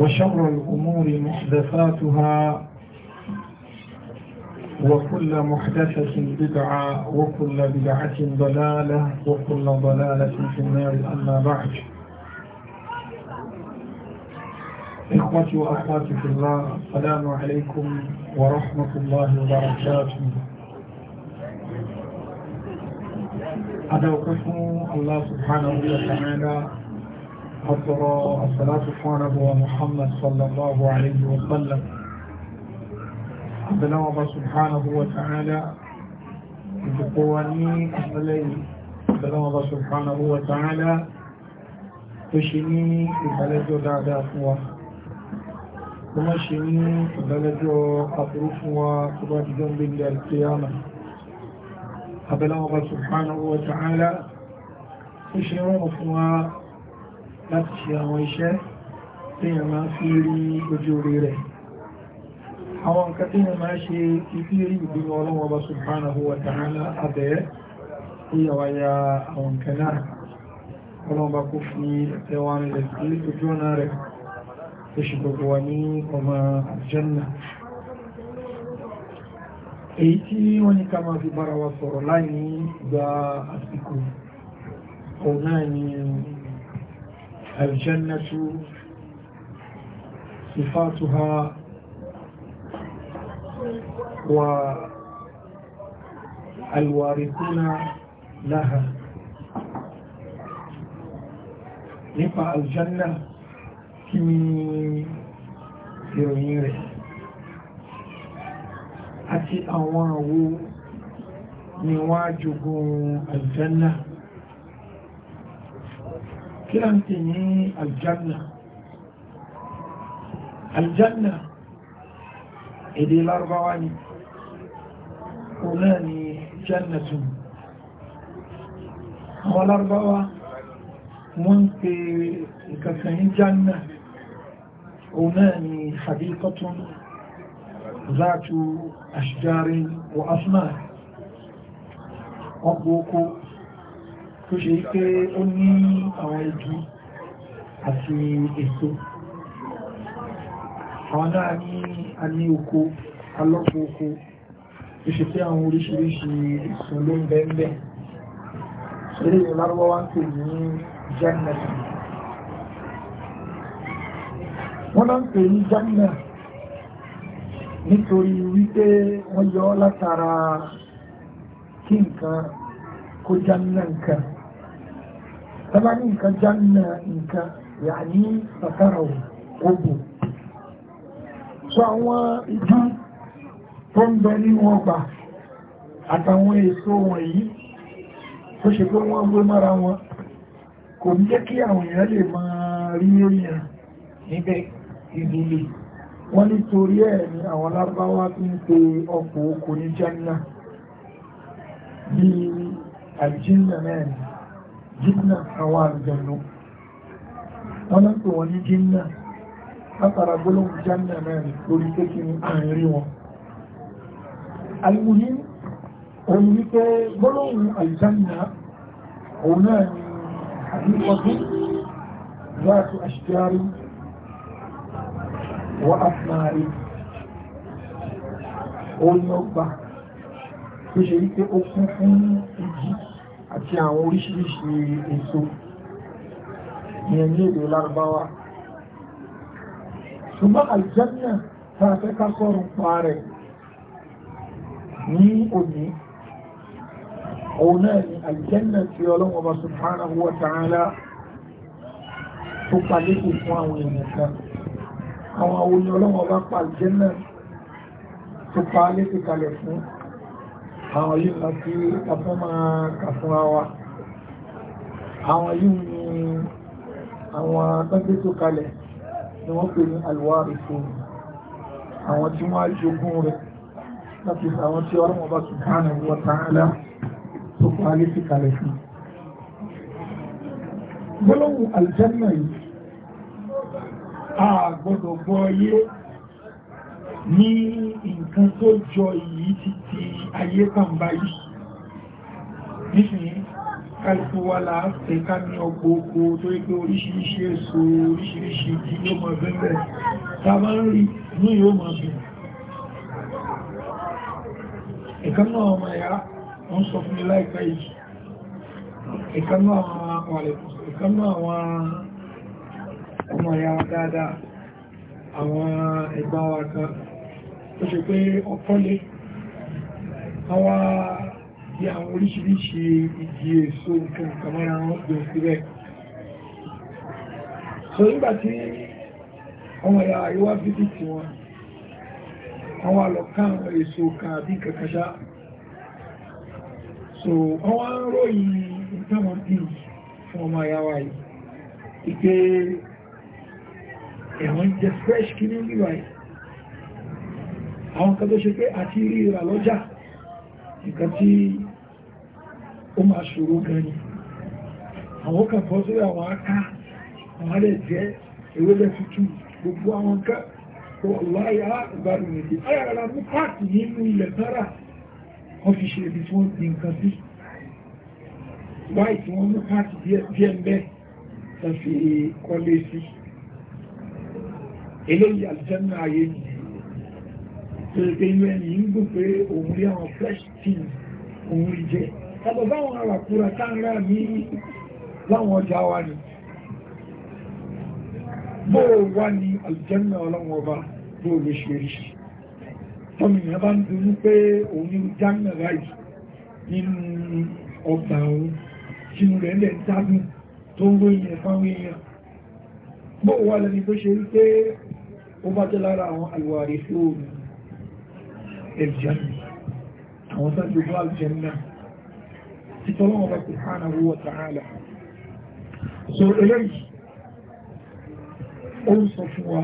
وشر الأمور محدثاتها وكل محدثة بدعة وكل بدعة ضلالة وكل ضلالة في النار أما بعد إخوتي وأخواتي في الله السلام عليكم ورحمة الله وبركاته أدعوكم الله سبحانه وتعالى حضر الصلاة على محمد صلى الله عليه وسلم عبد الله سبحانه وتعالى بقواني عليه عبد الله سبحانه وتعالى في بلد دادا أخوة كما في بلد قبر فوا قبر جنب القيامة عبد الله سبحانه وتعالى تشني فوا láti ṣe àwọn iṣẹ́ téèyàn máa fi rí ojú orí rẹ̀ àwọn nǹkan téèyàn máa ṣe ibi rí ìbínú ọlọ́wọ́ bá subhanahu wa ta'ala abẹ́ ó yàwá ya àwọn nǹkan náà ọlọ́wọ́ bá kó fi ẹwà rẹ̀ sí ojú ọ̀nà rẹ̀ ó ṣe gbogbo wa ní ọmọ àjẹ́nà èyí tí wọ́n ní ká máa fi bára wa sọ̀rọ̀ láì ní gba àsìkò òun ni الجنة صفاتها والوارثون لها nípa aljanna kí ni ìròyìn rẹ̀ àti àwọn àwo ni wọ́n á jogun aljanna كلمتني الجنة الجنة إلي الأربعان أولاني جنة والأربعة منك كثني جنة أولاني حديقة ذات أشجار وأصمار أبوكو tó ṣe pé ó ní àwọn igi àti èso àwọn náà ní a ní oko alọ́pọ̀ oko tó ṣe pé àwọn oríṣiríṣi èso ló ń bẹ́ẹ̀bẹ́ eré ìlárúwá wá ń pè ní jannati wọ́n náà ń pè ní janna nítorí wípé wọ́n yọ látara kí nǹkan kó janna nǹkan tọ́lá ní nǹkan jánnà nǹkan yà ní sàtàrà ògbò so àwọn ijú tó ń bẹ nínú ọgbà àtàwọn èso wọ̀nyí tó ṣe pé wọ́n gbé mọ́ra wọn kò ní jẹ́ kí àwọn èèyàn lè máa rí èèyàn níbẹ̀ ìdílé wọ́n nítorí ẹ̀ ni àwọn lárúbáwá tí ń pe ọkọ̀ oko ní jánnà bíi àìjíríà náà jínà àwọn àrùjẹ̀nù wọ́n náà pè wọ́n ní jínà látara gbólóhùn jánà náà lórí pé kí ní àárín wọn alìmùhí òun ní pé gbólóhùn àìjánà òun náà ni àdínkọ́dún láti àṣìjárí wa àfìmáàrí òun ni ọgbà tó ṣe wípé ó kún fún ìjì àti àwọn oríṣiríṣi èso ìyẹn ní èdè lárúbáwá ṣùgbọ́n àlùjànnà tá a fẹ́ ká sọ̀rọ̀ pa rẹ̀ ní òní òun náà ni àlùjànnà tí ọlọ́wọ́ bá subhanahu wa ta'ala tó palékè fún àwọn èèyàn kan àwọn àwọn olùyọ́lọ́wọ́ bá pa àlùjànnà tó palékè kalẹ̀ fún àwọn yìí kan tí a fún máa kà fúnra wa àwọn yìí ni àwọn tọ́gbé tó kalẹ̀ ni wọ́n pè ní alwarisun àwọn tí wọ́n á rẹ̀ láti àwọn tí ọlọ́wọ́ bá subhanahu wa ta'ala tó fún alé sí kalẹ̀ fún gbọ́lọ́wọ́ aljanna yìí a gbọ́dọ̀ gbọ́ yé ní nǹkan tó jọ yìí ti ayé kan báyìí nísìnyí kálùkù wà láàáfẹ́ ká ní ọgbogbo tó rí pé oríṣiríṣi èso oríṣiríṣi tí yóò mọ̀ bẹ́ẹ̀ tàbárí ní yóò mọ̀ bí ìkánná ọmọ ẹ̀yà wọ́n sọ fún mi láìpẹ́ yìí ìkánná àwọn ọmọ ẹ̀yà dáadáa àwọn ẹgbà wa kan tó ṣe pé ọkọ́lé àwọn bí àwọn oríṣiríṣi ìdí èso nǹkan kàmọ́ra wọn jọ sílẹ̀ so nígbà tí àwọn ẹ̀yà àríwá fífì tí wọn àwọn àlọ́ká àwọn èso kan àbí kàkàṣá so àwọn ròyìn ìtàwọn bí fún ọmọ àyàwó yìí ìpé ẹ̀wọ̀n jẹ fresh kí ní ìwà yìí àwọn kan tó ṣe pé àti rí ìrà lọ́jà nǹkan tí ó máa ṣòro gan ni àwọn kan fọ́ sórí àwọn aká àwọn alẹ́ jẹ́ ewébẹ̀ tuntun gbogbo àwọn ká tó láyá ìgbàlùmọ̀ èdè ayàrá mú pàtì nínú ilẹ̀ sára wọ́n fi ṣe ibi tí nǹkan sí wáyé tí wọ́n mú pàtì díẹ̀ ń tàfi kọ́lé sí pé inú ẹni pé òun rí àwọn fresh things òun rí jẹ yàtọ̀ báwọn àràkúra táńrà ní láwọn ọjà wa ni bó wá ní aljanna ọlọ́wọ́ ọba bó lóṣèríṣì tọ́mìnà bá ń dunú pé òun ní jánnà ráìsì nínú ọgbà òun sínú rẹ̀ lẹ́ dágùn tó ń ròyìn ẹ̀fáwọn èèyàn bó wà lẹ́ni tó ṣe rí ó bá jẹ́ lára àwọn àlùwàrí fóònù ìjẹ́nà àwọn tó jù bá ìjẹ́nà tí tọ́lọ́wọ́ bá subhanahu wa ta'ala so eléyìí ó ń sọ fún wa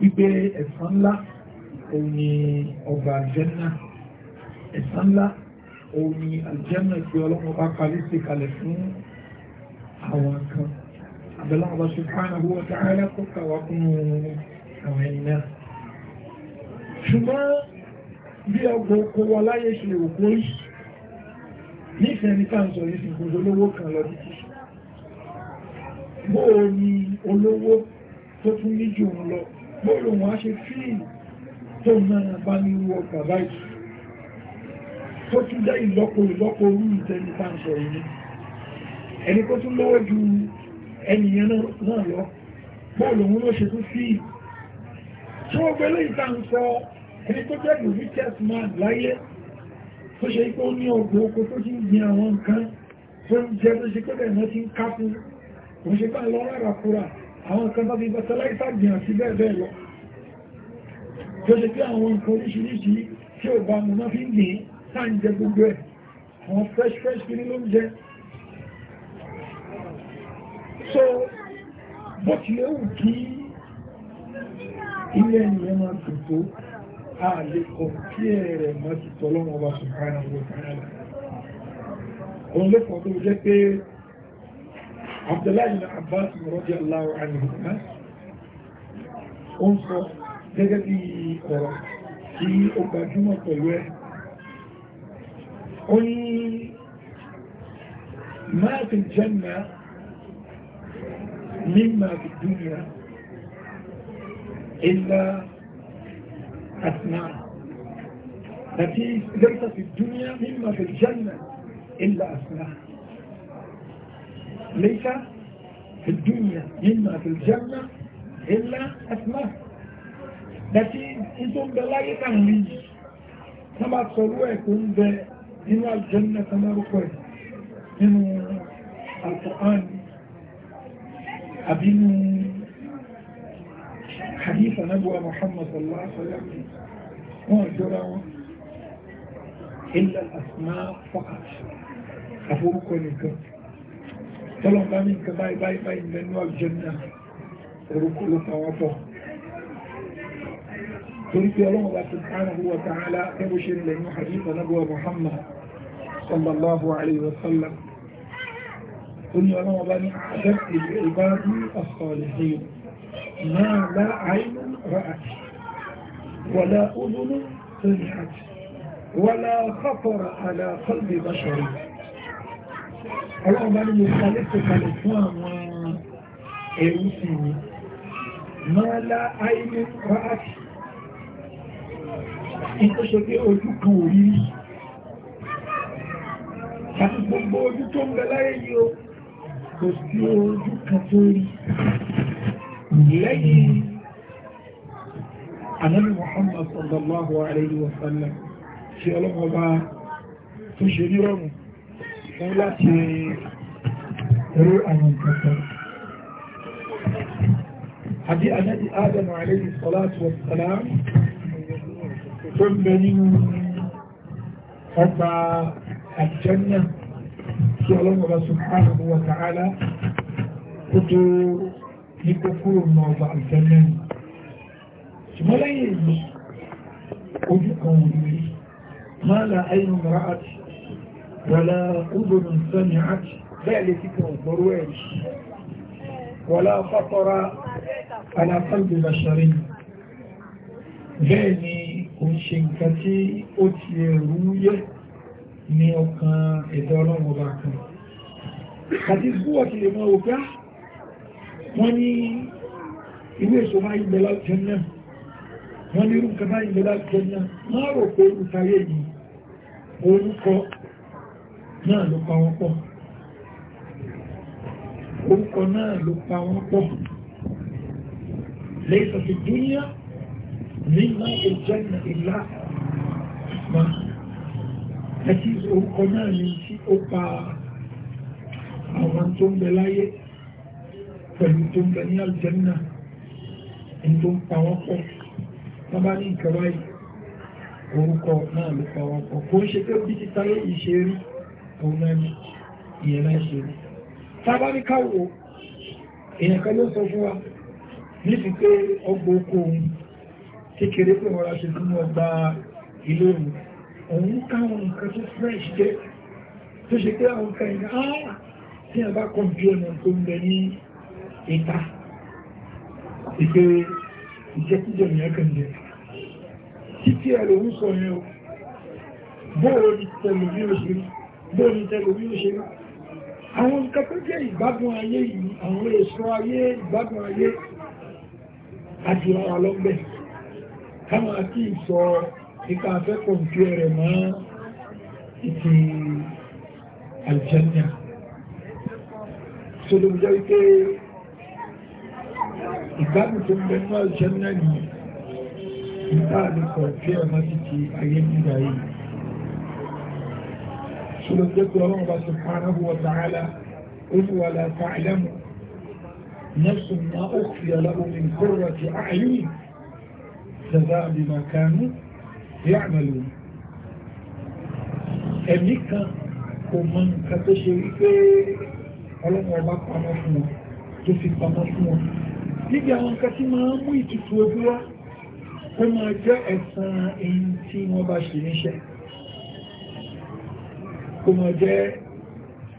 wípé ẹ̀san ńlá òun ni ọgbà ìjẹ́nà ẹ̀san ńlá òun ni ìjẹ́nà tí ọlọ́wọ́ sí kalẹ̀ fún àwọn kan àbẹ̀lọ́wọ́ bá subhanahu wa ta'ala kó kàwá àwọn ẹ̀yìn náà ṣùgbọ́n bí ọgbọ̀n kó wọ láyé ṣe òkú rí nífẹ̀ẹ́ ní káàkiri yìí sì gbogbo olówó kan lọ títí bóò ni olówó tó tún ní jù ń lọ bóò lòun á ṣe fíìlì tó náà bá ní wọ bàbá yìí tó tún jẹ́ ìlọ́po ìlọ́po orí ìtẹ́ ní káàkiri yìí ẹni kó tún lówó ju ẹnìyàn náà lọ bóò lòun ló ṣe tún fíìlì tí wọ́n gbẹ́lẹ́ ìta ẹni tó jẹ́ the richest man láyé tó ṣe ipò ní ọgbọ̀ oko tó ti ń gbin àwọn nǹkan tó ń jẹ́ tó ṣe pẹ́bẹ̀ náà ti ń kápú kò ṣe bá lọ rárá kúrà àwọn nǹkan tó fi fertilizer gbìn àti bẹ́ẹ̀ bẹ́ẹ̀ lọ tó ṣe pé àwọn nǹkan oríṣiríṣi tí ò bá mu náà fi ń gbìn sáà ń jẹ ilé ènìyàn máa dùn a lè kọ̀ kí ẹ̀rẹ̀ mọ́ ti tọ́lọ́wọ́ ọba ṣùgbọ́n àwọn ọ̀tàrà òun lè kọ̀ tó jẹ́ pé Abdullahi Abbas radiyallahu anhu ó ń sọ gẹ́gẹ́ máa fi jẹ́nà mímọ̀ àbìdúnra ilá أسماء التي ليس في الدنيا مما في الجنة إلا أثناء ليس في الدنيا مما في الجنة إلا أثناء التي إذن بلاي تنليج كما تصروا يكون بإنو الجنة كما ركوه إنو القرآن أبينو hadith anabuwa muhammad sallallahu alaihi wasallam wọn jọra wọn illa asma faqat aforúkọ nìkan tọ́lọ̀ bá ní nǹkan báyìí báyìí báyìí lẹ́nu àjẹ́nà orúkọ ló pa wọ́n pọ̀ torí pé ọlọ́wọ́ bá subhanahu wa ta'ala ẹbú ṣe ń lẹ́nu hadith anabuwa muhammad sallallahu alaihi wasallam ó ní bá ní àjẹ́ ìbáraú as-salihin ما لا عين رأت ولا أذن سمعت ولا خطر على قلب بشر اللهم أنا مخالفك الإسلام وإيوسيني ما لا عين رأت Ìtò ṣe pé ojú kan ò rí rí. Àti gbogbo ojú tó ń bẹ láyé yìí o, kò sí ojú kan tó rí lẹ́yìn anábì Muhammad sallallahu alayhi wa sallam ṣe ọlọ́mọba tó ṣe nírọ̀rùn fún láti rí àwọn kankan àbí anábì Adam alayhi salatu wa salam tó ń bẹ nínú ọgbà àjẹ́nà tí ọlọ́mọba subhanahu wa ta'ala kó ní kókóró ní ọgbà ìjẹ́mẹ́rin ṣùgbọ́n lẹ́yìn èyí ojú kan wò ní rí máa la ayé mara àti wàlá ọdún sọ́ni àti bẹ́ẹ̀ lè fi kan gbọ́rọ̀ ẹ̀ wàlá fàtọ́ra alákàlù lásàrí bẹ́ẹ̀ ni kò ṣe nǹkan tí ó ti rú yẹ ní ọkàn ẹ̀dọ́ ọlọ́run ọba kan àti gbúwọ̀ ti lè mọ òkú wọ́n ní ilé èso máa ìgbẹ̀ láti ẹ̀nà wọ́n ní irú kan máa ìgbẹ̀ láti ẹ̀nà máa rò pé olùtayé yìí orúkọ náà ló pa wọ́n pọ̀ orúkọ náà ló pa wọ́n pọ̀ lẹ́sọ̀ sí dúníà nínú ìjẹ́nà ìlà àmà àti orúkọ náà ní tí ó pa àwọn tó ń bẹ láyé pẹ̀lú tó ń bẹ ní aljanna ní tó ń pawọ́pọ̀ wọ́n bá ní ìkẹwàá orúkọ náà ló pawọ́pọ̀ kò ń ṣe pé bí títa yé ìṣe rí òun náà ní ìyẹn náà ṣe rí tábà ní káwò èèyàn kan ló sọ fún wa nífi pé ọgbà oko òun kékeré pé wọ́n ra ṣe sínú ọgbà ilé òun òun káwọn nǹkan tó fresh jẹ́ tó ṣe pé àwọn nǹkan ìgbà ah! tí a bá kọjú ọ̀nà tó ń bẹ ní Et que ìta ìpé ìjẹkújẹ ní ẹkẹ̀ndẹ̀ títí ẹ̀rọ ń sọ ní o bóòrò ní tẹ̀lò ní òṣèré bóòrò ní tẹ̀lò ní òṣèré àwọn nǹkan tó jẹ́ ìgbádùn ayé yìí àwọn èso ayé ìgbádùn ayé àjùlára lọ́gbẹ̀ káwọn àti ìsọ ìka afẹ́kọ̀ọ́ ìfẹ́ rẹ̀ mọ́ ìtì àjẹ́nìyà tó lè jẹ́ wípé ìgbádùn tó ń bẹ ní àjẹ́ náà nìyẹn nígbà àdìkọ̀ tí ẹ̀ máa ti di ayé nígbà yìí ṣùgbọ́n jẹ́ pé ọlọ́run bá ṣe pará wọ tààlà ó ní wàlá tààlẹ́mù nẹ́sùn náà ó fi alábomi kúrò ti ààyè jẹ́zá bima kanu ya'malu ẹ̀mí kan kò mọ nǹkan tó ṣe wípé ọlọ́run ọba pamọ́ fún wọn tó fi pamọ́ fún wọn níbi àwọn nǹkan tí máa ń mú ìtùtù ojú wá ó máa jẹ́ ẹ̀san èyí tí wọ́n bá ṣe níṣẹ́ ó máa jẹ́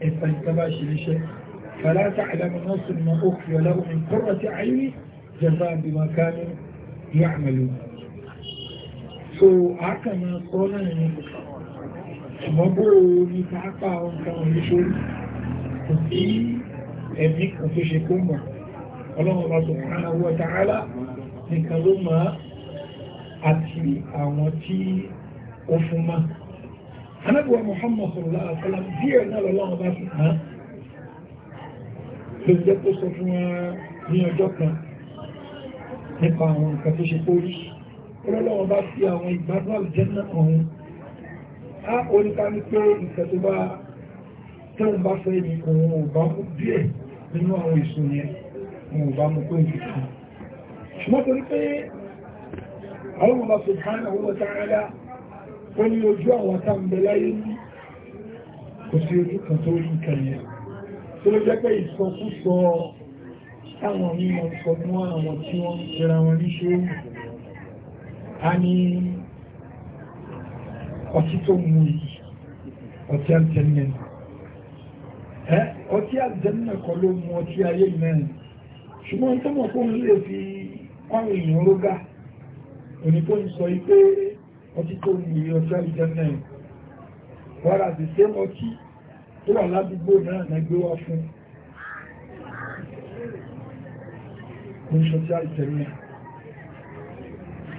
ẹ̀san ìta bá ṣe níṣẹ́ fàlátà àlàmọ́nà sinimá ó fi ọlá omi kọ́rọ̀ tí a jẹba àbìmọ̀kánú ní àmàlù so àákàmà sọ náà ní ṣùgbọ́n ní pàápàá àwọn nǹkan kò sí ẹ̀mí kan tó ṣe kó mọ̀ ọlọ́run ọba subhanahu wa ta'ala nìkan ló mọ̀ àti àwọn tí ó fún mọ́ anábíwá Muhammad sallallahu alaihi wasallam díẹ̀ náà lọ́lọ́run ọba subhanahu ló jẹ́ tó sọ fún wa ní ọjọ́ kan nípa àwọn nǹkan tó ṣe pórí ọlọ́lọ́wọ́ bá fi àwọn ìgbádùn àlùjẹ́nà ọ̀hún á ní ọba mú pé nìkan ṣùgbọ́n torí pé àwọn ọmọ subhanahu wa ta'ala ó ní ojú àwọn àtàǹbẹ̀ láyé ní kò sí ojú kan tó rí nǹkan yẹn tó ló jẹ́ pé ìsọkúsọ táwọn mímọ̀ sọ fún àwọn tí wọ́n ń wọn ní ṣe a ní ọtí tó mú yìí ọtí àjẹ́nà ọtí àjẹ́nà kọ́ ló mú ọtí ayé mẹ́rin ṣùgbọ́n tó mọ̀ fún lè fi káwọn èèyàn rógá òní tó ń sọ ipé ọtí tó ń lè ọjọ́ ìjẹ́nà ẹ̀ wọ́n àti ṣe ọtí tó wà ládùúgbò náà nẹgbẹ́ wá fún oníṣọ́tí àìjẹ́nà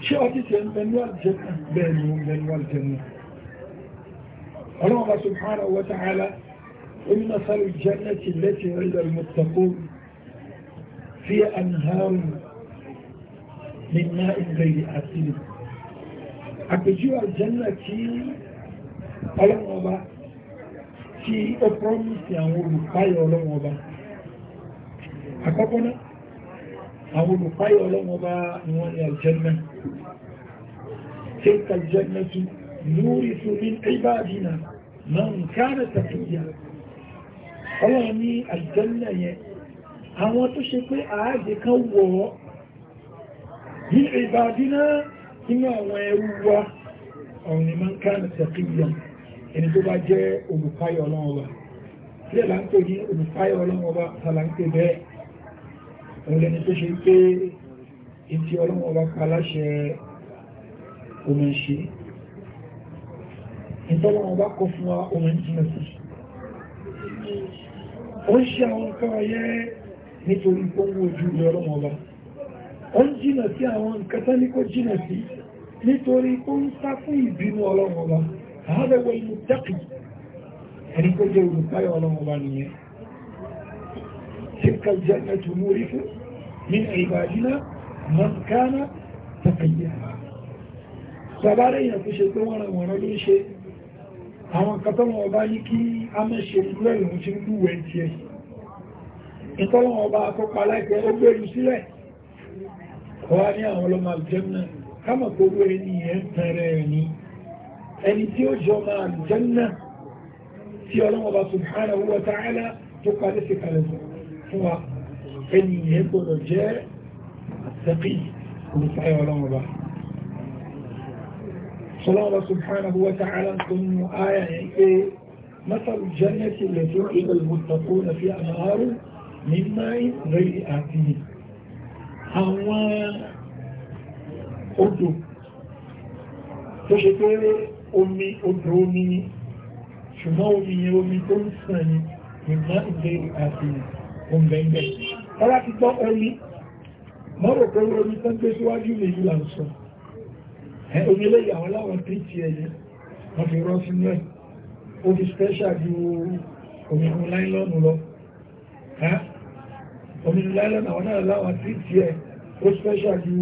ṣé ọtí tẹ́ ń bẹnu àìjẹ́nà bẹ́ẹ̀ ni ó ń bẹnu àìjẹ́nà هي أنهار من ماء غير أسير àpèjú àjẹ́nà tí ọlọ́wọ́ ọba tí ó promise àwọn olùpáyọ̀ ọlọ́wọ́ ọba àkọ́kọ́ náà àwọn olùpáyọ̀ ọlọ́wọ́ ọba ni wọ́n ní àjẹ́nà تلك الجنة نورث من عبادنا من كان تقيا ọlọ́wọ́ ní àjẹ́nà yẹn àwọn tó ṣe pé ààjẹ kan wọ̀ ọ́ bí ìbàdínà nínú àwọn ẹrú wa ọ̀run ni máa ń ká nàìjíríà ẹni tó bá jẹ́ olùfáyọ̀ ọlọ́run ọba sílẹ̀ là ń pè ní olùfáyọ̀ ọlọ́run ọba tààlà ó ń ṣe àwọn nǹkan ọ̀yẹ́ nítorí tó ń wojú lọ́rọ̀ ọba ó ń jìnà sí àwọn nǹkan tán ní kó jìnà sí nítorí tó ń sá fún ìbínú ọlọ́run ọba àádọ́wọ́ inú dákì ẹni tó jẹ́ olùpáyọ̀ ọlọ́run ọba nìyẹn tilka jannatu nurifu min ibadina man kana àwọn kan wọn ọba ní kí a mọ̀ ṣe lẹ́yìn òun ti ń lúwẹ̀ẹ́ tiẹ̀ ìtọ́lọ́wọ́ bá akọ́pa láìpẹ́ ó gbèrú sílẹ̀ ọwá ní àwọn ọlọ́mọ àlùjẹ́mìnà kámọ̀ kó wé ní ẹ̀ ń tẹ̀rẹ̀ ẹ̀ní ẹni tí ó jọ máa àlùjẹ́mìnà tí ọlọ́wọ́ bá subhanahu wa ta'ala tó parí sí kalẹ̀ fún wa ẹni مثل الجنة التي يحب المتقون في أنهار ní máì lórí àti àwọn odò tó ṣe pé omi odò omi ni ṣùgbọ́n omi yẹn omi tó ń sàn ni ní máì lórí àti òǹgbẹ̀ǹgbẹ̀ ọlá ti gbọ́ omi mọ́rọ̀ pé omi tó ń gbé síwájú lè yí ń sọ omi lè yàwó láwọn tí ti ẹ̀yẹ wọ́n fi rọ́ sínú ẹ̀ ó fi special ju onílẹ̀ lọ́nà àwọn náà láwọn tí tí ẹ̀ ó special ju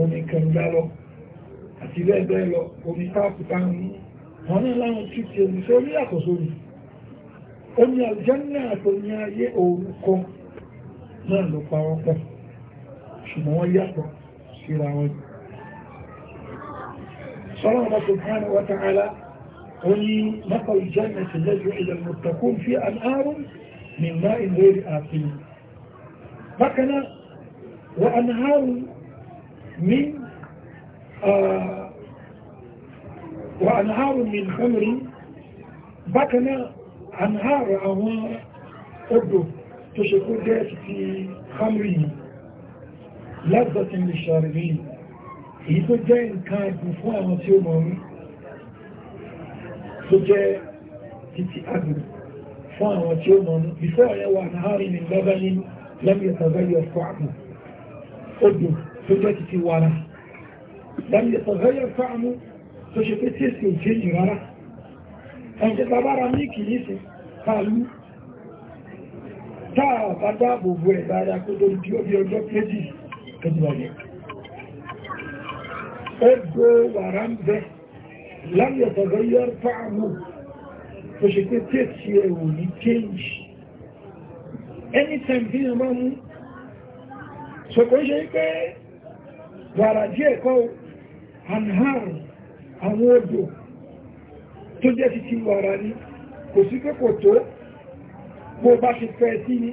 omi kànga lọ àti lẹ́ẹ̀bẹ́ lọ omi táàkùtà ń wọn náà láwọn tí tí omi tó ní àkọsọ mi omi àlùjànnà àti omi ayé òru kan náà ló pa ṣùgbọ́n wọ́n yàtọ̀ síra wọn صلى سبحانه وتعالى قل مثل الجنة التي إلى المتقون في أنهار من ماء غير آثم بكنا وأنهار من آه وأنهار من خمر بكنا أنهار أهوار أدو تشكر جاس في خمره لذة للشاربين إذا جاء كان بفوع مسيومه tó jẹ́ títí agbègbè fún àwọn tí ó mọ̀ ní bífọ́ àyẹ̀wò لم يتغير طعمه قدم فجأة في ورا لم يتغير طعمه فشكت تسكي الجيج ورا أنت تبارا ميكي ليسي قالوا táà bá dáàbò bó ẹ̀ dáadáa kó tó di obi ọjọ́ kéjì kẹjìlọ́yẹ. ó gbó ní anytime bí wọ́n máa mú ṣòkó ṣe pé wàrà díẹ̀ kọ́ anhar àwọn odò tó jẹ́ ti ti wàrà ní kò sí pé kò tó bó bá ṣe fẹ́ sí ní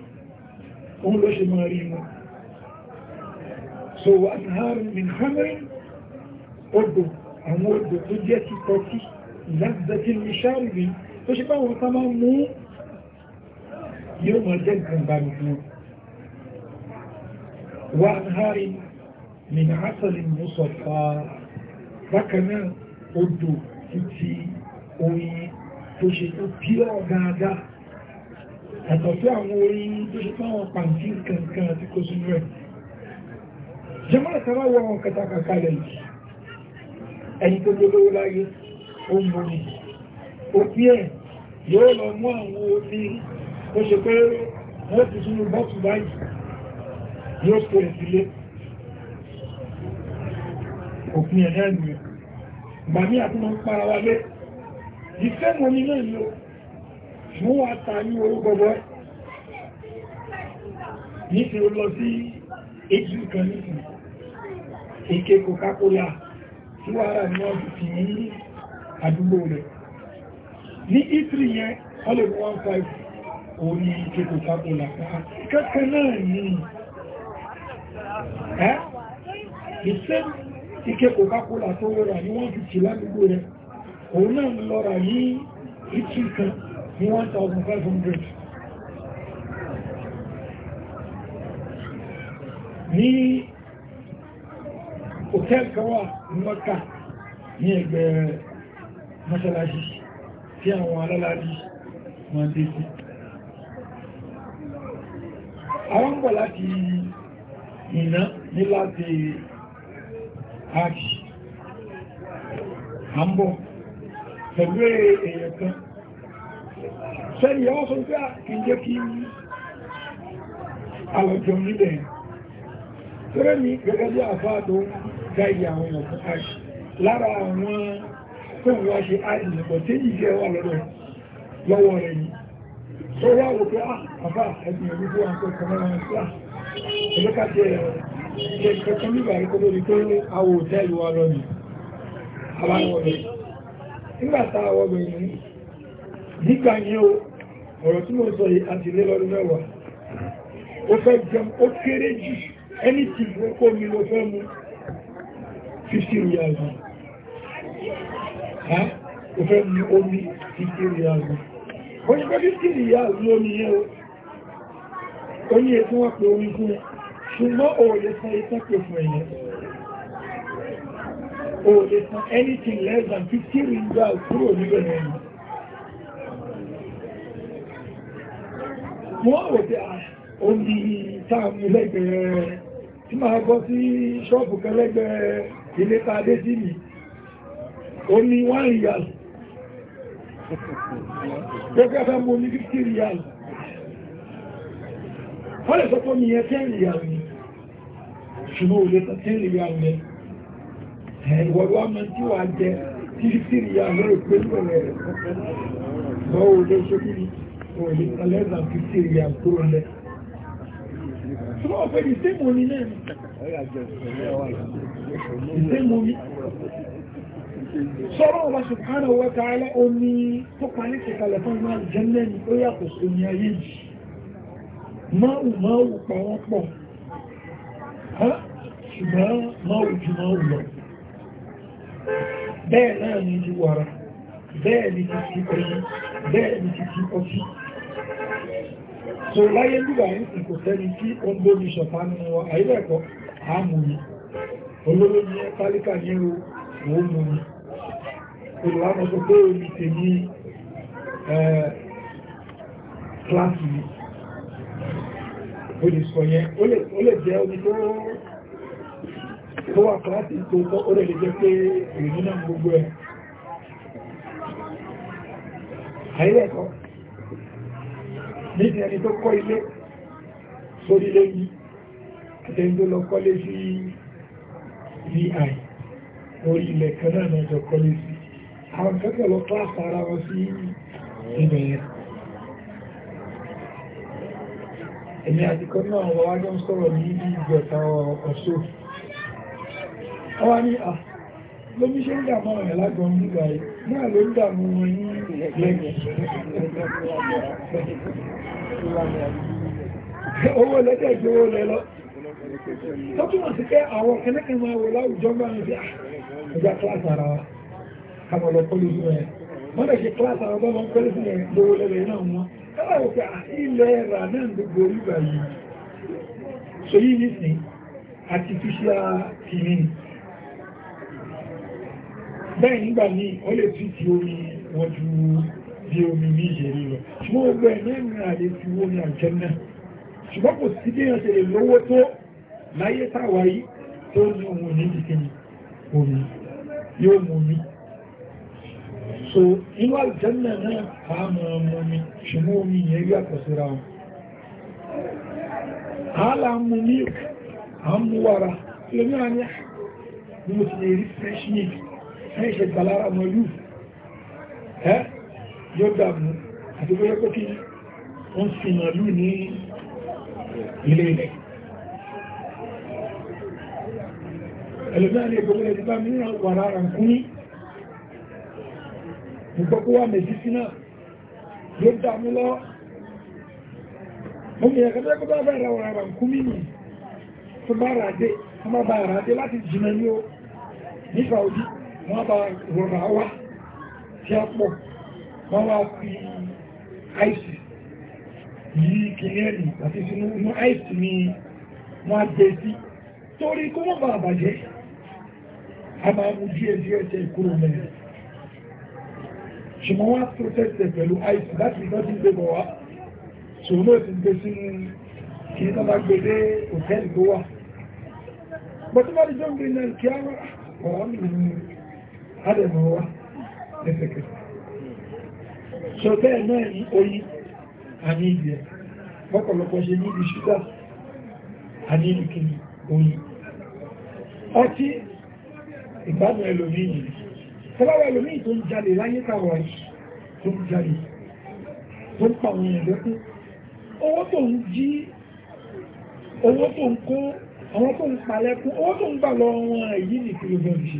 òun ló ṣe máa rí wọn so anhar min hamrin odò àwọn odò tó jẹ́ ti tọ́tí ìlànà tí ní ṣáàrì tó ṣe báwọn ká máa mú yóò mọ̀ jẹ́ nǹkan bá mi fún wa hari min asali musafa bákan náà odò títí oyin tó ṣe tó píọ̀ dáadáa ẹ̀tọ̀ sí àwọn oyin tó ṣe tó àwọn pàǹtí kankan àti kó sínú rẹ̀ jẹmọ́ ìtara wọ àwọn kẹtàkàkà lẹ̀ yìí ẹni tó gbogbo láyé ó mú ni òpí ẹ̀ yóò lọ mú àwọn omi ó ṣe pé wọ́n ti sínú bọ́ọ̀tù báyìí yóò kó ìdílé òfin ẹ̀ náà nìyẹn gbà ní àtúmọ̀ ń para wa lé ìfẹ́ mọ̀ ní náà ni ó mú wa ta ní orí gbogbo ẹ̀ ní ti ó lọ sí èjì kan nìkan èké Coca-Cola tí wà rà ní ọdún ti ní àdúgbò rẹ̀ ní ìtìrì yẹn ọlẹ́gbọ́n 150 orí ike coca-cola kẹ́kẹ́ náà ní ẹ́ the same ike coca-cola tó lọ́ra ní wọ́n fìtì ládùúgbò rẹ̀ òun náà ń lọ́ra ní ìtì ní 1500 ní hòtẹ́ẹ̀lì kan wà ní mọ́kà ní ẹgbẹ̀rẹ̀ mọ́ṣáláṣí tí àwọn alálàájí wọ́n dé sí àwọn ń bọ̀ láti ìná ní láti ààkì àmbọ̀ pẹ̀lú èèyàn kan sẹ́yìn yọ́ sọ pé ah, kí n jẹ́ kí àwọ̀jọ níbẹ̀ tẹ́rẹ́ mi gẹ́gẹ́ bí àfáà tó gáyì àwọn èèyàn fún ààkì lára àwọn tó ń wá ṣe àìsìnkọ̀ lọ́wọ́ rẹ̀ ni tó wá wò pé ah, àbá ẹ̀sìn ìlú bí wọn kọ́ ìkọ́mọ́ wọn sí à ẹgbẹ́ káàkiri ẹ̀rọ ṣe kẹ́kẹ́ nígbà rí kọ́lórí pé àwọ̀ òtẹ́ẹ̀lì wa lọ ni aláwọ̀lẹ̀ nígbà tá a wọ́ bẹ̀rẹ̀ ní nígbà yí o ọ̀rọ̀ tí mo sọ yìí àti ilé lọ́dún mẹ́wàá ó fẹ́ jẹun ó kéré jù ẹni tí ìwé onye sí ìyá ya yẹ́ o oní ètò wọn pè orí fún ṣùgbọ́n òòlè san ìtàn pè fún ẹ̀yẹ òòlè san anything less than 50 ringa kúrò níbẹ̀ ẹ̀yẹ wọ́n wò pé òní ah, táàmù lẹ́gbẹ̀ẹ́ tí máa gbọ́ sí ṣọ́ọ̀bù kan lẹ́gbẹ̀ẹ́ ilé ta dé sí mi gẹ́gẹ́ fẹ́ mú ní 50 riyal wọ́n lè sọ pé mi yẹ 10 riyal ni ṣùgbọ́n ò lè tàn 10 riyal ni ẹ̀wọ̀lú àmà tí wà jẹ 50 riyal lórí pé lọ́rẹ̀ wọ́n ò lè ṣe kí ò lè tàn less than 50 riyal tó lẹ́ ìsẹ́mù ni náà ìsẹ́mù ni sọ́rọ̀ ọba subhanahu wa ta'ala omi tó parí kẹkàlẹ̀ fún ìmọ̀ àjẹ́mẹ́ ni ó yàtọ̀ sí omi ayé jì máwù máwù pa wọ́n pọ̀ ṣùgbọ́n máwù ju máwù lọ bẹ́ẹ̀ náà ni ti wàrà bẹ́ẹ̀ ni ti ti ẹyin bẹ́ẹ̀ ni ti ti ọtí so láyé lúgbà ní ìkòtẹ́ni tí ó ń gbóni ṣọ̀fà nínú wa àmúni olóró ní ẹ́ tálíkà ní ẹ̀rọ òun mú ni olùwàmọ́sọ pé omi tèmi kíláàsì ó lè sọ yẹn ó lè jẹ́ omi tó tó wà kíláàsì tó tọ́ ó lè jẹ́ pé èyí náà gbogbo ẹ̀ àìlẹ́kọ́ níbi ẹni tó kọ́ ilé sórí lẹ́yìn àtẹ́yìn tó lọ kọ́lé sí vi orí ilẹ̀ kan náà náà jọ kọ́lé sí àwọn kẹ́kẹ́ lọ kíláàsì ara wọn sí ibẹ̀ yẹn èmi àdìkọ́ náà wọ́n wájọ́ ń sọ̀rọ̀ ní ìgbẹ̀ta ọ̀ṣọ́ wọ́n wá ní à lómi ṣe ń dàmú àwọn ẹ̀ lágbọn nígbà yìí náà ló àwọn ọlọ́pọ̀lọ́ ìlú ẹ̀ wọ́n lè ṣe kíláàsì àwọn ọgbọ́n pẹ́lú fún ẹ̀ lówó lẹ́rẹ̀ náà wọn kára òkè ilẹ̀ ẹ̀rà náà gbogbo orígbà yìí so yìí nìsín artificial kìíní bẹ́ẹ̀ nígbà ní ó lè tún ti omi wọn ju bí omi ní ìyẹ̀rí lọ ṣùgbọ́n gbogbo ẹ̀ àlè fi owó ní àjẹ́ náà ṣùgbọ́n kò sí bí wọ́n lè lówó tó láyé táwa tó ní òun ìdíkẹ́ni omi yóò mú mi so inú àjẹ́nà náà a máa mú mi ṣùgbọ́n omi yẹn yàtọ̀ síra wọn àálà mú milk a mú wàrà lómi àní bí mo ti lè rí fresh milk fẹ́ ìṣẹ́ ìgbàlára mọ̀ yù ẹ́ yóò dàmú àti bóyá pé kí wọ́n fi mọ̀ lù ní ilé ilẹ̀ ẹlòmí àní ìgbòmílẹ̀ ti bá mìíràn wàrà ràǹkúní gbogbo kó wà mẹ́sísínà ló dámú lọ mo mìí ẹ̀kẹ́tẹ́ kó bá bá ra ọ̀rọ̀ àrà nkú mìí tó bá rà dé wọ́n má bá rà dé láti jìnà ní o ní Saudi wọ́n bá rọ̀rọ̀ àwá tí a pọ̀ wọ́n wá fi àìsì yìí kìnìẹ̀nì àti sínú inú àìsì ni wọ́n á sí torí kó wọ́n bá àbàjẹ́ a máa mú díẹ̀ díẹ̀ tẹ ìkúrò mẹ́rin ṣùgbọ́n wọ́n protest ẹ̀ pẹ̀lú àìsàn láti ìgbà tí ń gbé bọ̀ wá ṣòro náà ti gbé sínú kí ní bá gbé dé hòtẹ́ẹ̀lì tó wà bọ́tí bá di john green kí á wá ọ̀rọ̀ mi ní adẹ̀mọ̀ wá lẹ́sẹ̀kẹsẹ̀ ṣọtẹ́ẹ̀ náà ní oyin àní ìdí ẹ̀ mọ́kànlọ́pọ̀ ṣe ní tọ́lọ́wọ́ ẹlòmíì tó ń jalè láyé káwọ̀ yìí tó ń jalè tó ń pa àwọn èèyàn lẹ́kún owó tó ń jí owó tó ń kó àwọn tó ń pa lẹ́kún owó tó ń gbà lọ wọn èyí ní ìpínlẹ̀ ọ̀dọ̀ ṣe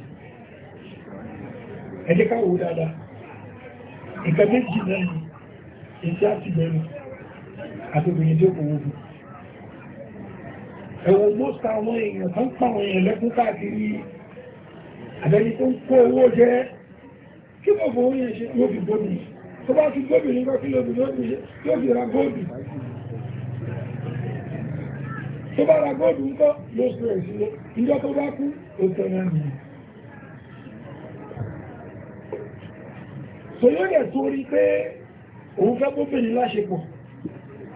ẹ jẹ́ ká wò dáadáa nǹkan méjì náà ni èsì àti bẹ̀rù àti obìnrin tó kò wọ́pù ẹ̀wọ̀n mọ́ta àwọn èèyàn tó ń pa èèyàn lẹ́kún káàkiri àbẹ́ni tó ń kó owó jẹ́ kí mọ̀ fún oúnjẹ ṣe yóò fi gbóbi tó bá fi gbóbi nígbà kí lóbi yóò fi ra góòdù tó bá ra góòdù ńkọ́ yóò fi rẹ̀ sílé ìjọ tó bá kú ó tẹ̀lé àmì so yóò dẹ̀ torí pé òun fẹ́ bóbìnrin láṣepọ̀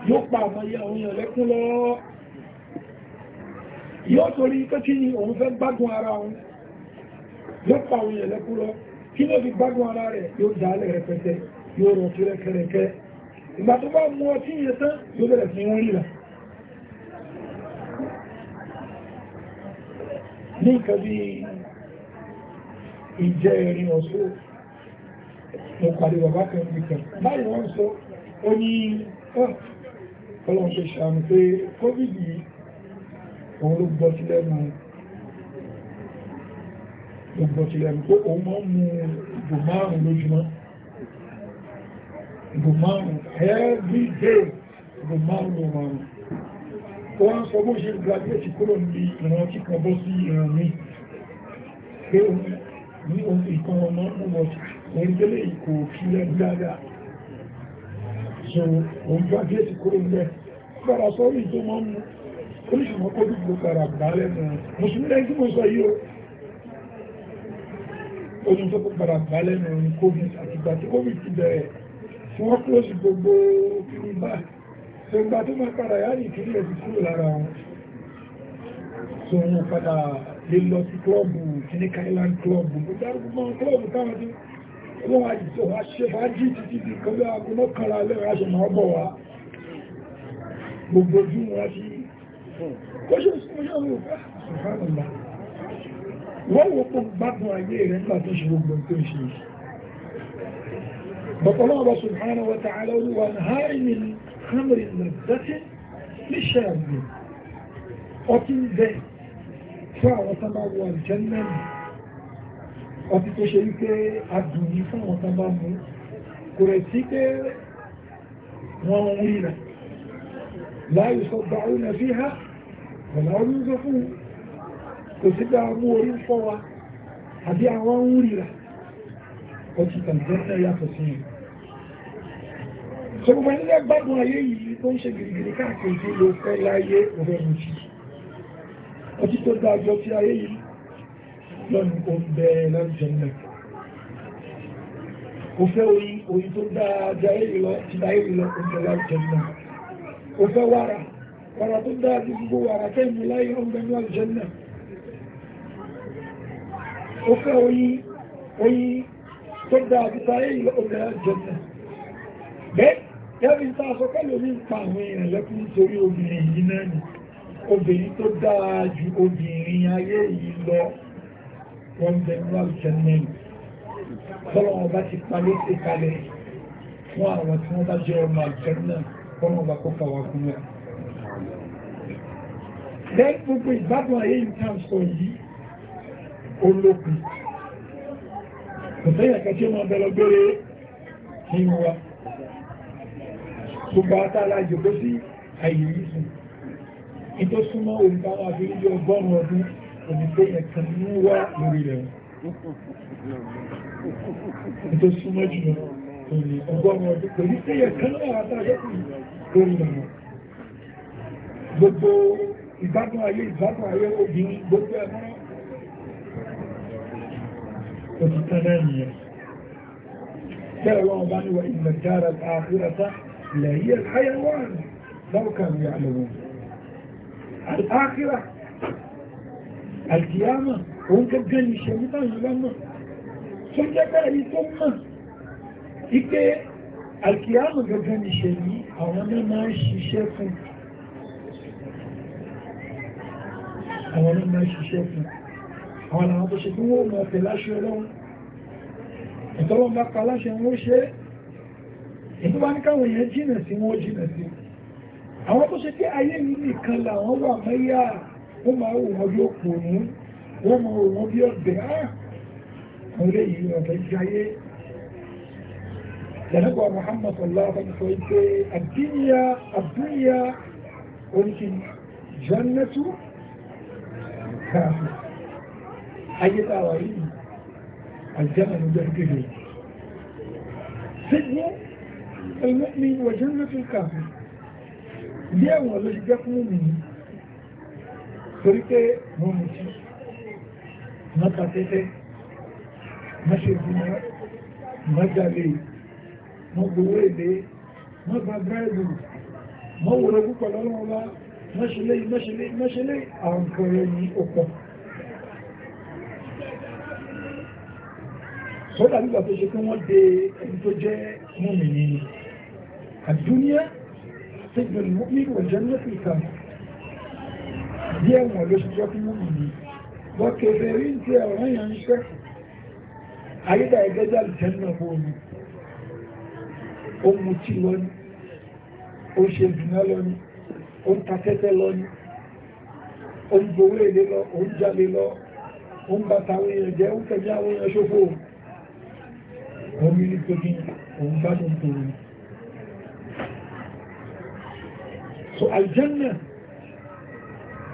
yóò pa àmọ́ iye àwọn èèyàn lẹ́kún lọ́wọ́ yóò torí pé kí ni òun fẹ́ gbádùn ara òun yóò pa àwọn èèyàn lẹ́kú lọ kí ló fi gbádùn ara rẹ̀ yóò dálẹ̀ rẹpẹtẹ yóò rọ̀ sí rẹkẹrẹkẹ ìgbà tó bá mú ọtí yẹn tán yóò bẹ̀rẹ̀ sí wọn ríra ní nǹkan bí ìjẹ́ ìrìn ọ̀ṣọ́ mo pàdé bàbá kan bí kan báyìí wọ́n sọ ó ní ọlọ́run ṣe ṣàmì pé covid yìí òun ló gbọ́ sílẹ̀ náà gbogbo tilẹ̀ pé òun máa ń mu ìgò márùn-ún lójúmọ́ ìgò márùn-ún every day ìgò márùn-ún márùn-ún wọ́n sọ bó ṣe graduate kúrò ní ìran tí kan bọ́ sí ìran mi pé ní ohun ìkan ọmọ ọmọ orí délé ìkò kílẹ̀ dáadáa so ohun graduate kúrò ní ẹ̀ gbára sọ́rí tó máa mú oríṣìí mọ́kọ́ dúdú orin tó kó padà bá lẹ́nu orin covid àtìgbà tí covid ti bẹ̀rẹ̀ tí wọ́n kúròsì gbogbo kiri bá so ìgbà tó máa padà yá ní ìpínlẹ̀ ti kúrò lára wọn so wọn padà lè lọ sí klọ́ọ̀bù kìíní Island klọ́ọ̀bù ó dárúkú mọ́ klọ́ọ̀bù táwọn tí wọ́n wá jù wá ṣe fàájì títí di kan bí aago mọ́kànlá lẹ́rọ aṣọ máa bọ̀ wá wọ́n wo kó gbádùn ayé rẹ̀ nígbà tó ṣe gbogbo tó ṣe bọ̀pọ̀lọ́ ọba subhanahu wa ta'ala olúwa nàárì ní hamri nàdẹ́tì ní ṣàrùn ọtí ń bẹ fún àwọn tó bá wọ àjẹ́nà ọtí láyé sọ gbàrú na fi ha wọ́n láwọn sọ fún kò sí pé àwọn orí ń fọ́ wa àbí àwọn ń ríra ọjọ́ ìtàlùjẹ́ yàtọ̀ sí ẹ̀ ṣogbogbo ẹni lẹ́gbàgbọ́n ayé yìí tó ń ṣe gìrìgìrì káàkiri tó ló fẹ́ láyé ọ̀rẹ́ mùsùn ọtí tó dájọ́ tí ayé yìí lọ́nà ó ń bẹ lọ́jọ́nà ó fẹ́ orí orí tó dájọ́ ayé yìí lọ ti ayé yìí lọ ó ń bẹ lọ́jọ́nà ó fẹ́ wàrà wàrà tó dájọ́ gbogbo wàrà tẹ́ẹ̀mù láyé ó ń bẹ lọ́jọ́nà ó fẹ́ oyin oyin tó dá àbíta èyí ọ̀dẹ̀ àjẹ́nà bẹ́ẹ̀ yẹ́bí ń tàà sọ́kẹ́ lórí ń pa àwọn èèyàn lẹ́kùn nítorí obìnrin yìí náà ni obìnrin tó dáa ju obìnrin ayé yìí lọ wọ́n bẹ̀ ní àjẹ́nà tọ́lọ́ wọn bá ti pa lókè kalẹ̀ fún àwọn tí olókun ọ̀tẹ́yà kẹ́ tí ó máa bẹ̀rọ gbére nínú wa ṣùgbọ́n àtàlà jùgbó sí àìyíṣùn ìtò súnmọ́ olùkàwọn àfihàn ọgọ́rùn ọdún òmìnirẹ̀ kan ní wá lórí rẹ̀ ìtò súnmọ́ jùlọ ọgọ́rùn ọdún òmìnirẹ̀ kan náà àtàjẹ́kù lórí rẹ̀ gbogbo ìgbádùn ayé ìgbádùn ayé obìnrin gbogbo ẹ̀mọ́ràn والثمانية قال وإن الدار الآخرة لا هي الحيوان لو كانوا يعلمون الآخرة القيامة وممكن كان الشيطان يلمه سجدة ثم ike القيامة gẹ́gẹ́ ní ṣe ní àwọn náà máa ń ṣiṣẹ́ fún àwọn àwọn àwọn tó ṣe tí wọ́n mọ̀ pẹ̀ láṣẹ ọlọ́run ìtọ́lọ́n bá pa láṣẹ wọn ó ṣe èyí tó bá ní káwọn èèyàn jìnà sí wọn ó jìnà sí àwọn tó ṣe pé ayé mi nìkan làwọn wà mẹ́yà wọ́n máa wò wọ́n bí òkùnrin wọ́n máa wò wọ́n bí ọ̀gbẹ́ ah! àwọn eléyìí ayé táwà yìí àjẹ́mà ló jẹ́ kéde sígbẹ́ ẹ̀yẹ́ ni wọ̀jẹ́ lókè kàfẹ́ bí ẹ̀wọ̀n ló jẹ́ fún mi torí pé mo mú sí mọ́ta tẹ́tẹ́ mọ́ṣe ìgbìmọ̀ mọ́jàlè mọ́gbowó èdè mọ́gbà bẹ́ẹ̀lù mọ́wòrò púpọ̀ lọ́lọ́wọ́lá mọ́ṣẹ́lẹ́ tó dàbí gbà tó ṣe pé wọ́n de ẹni tó jẹ́ mùmínì ni àdúnyá sẹ́gbẹ̀ mọ́mí wọ̀ jẹ́ nọ́fíìkà díẹ̀ wọ̀n ló ṣe jẹ́ fún mùmínì wọ́n kẹfẹ́ rí ti ọ̀ràn yẹn ń fẹ́ ayédà ẹgbẹ́jà lùtẹ́ náà bó omi ó mu tí lọ ó ṣe dùnà lọ ó ń ta tẹ́tẹ́ ó ń gbowó èlé lọ ó ń jalè lọ ó ń bàtà àwọn èèyàn jẹ́ ó ń tẹ̀lé àwọn èèyàn ṣòfò wọ́n ní ní pẹ́kí òun gbádùn tó rí so aljanna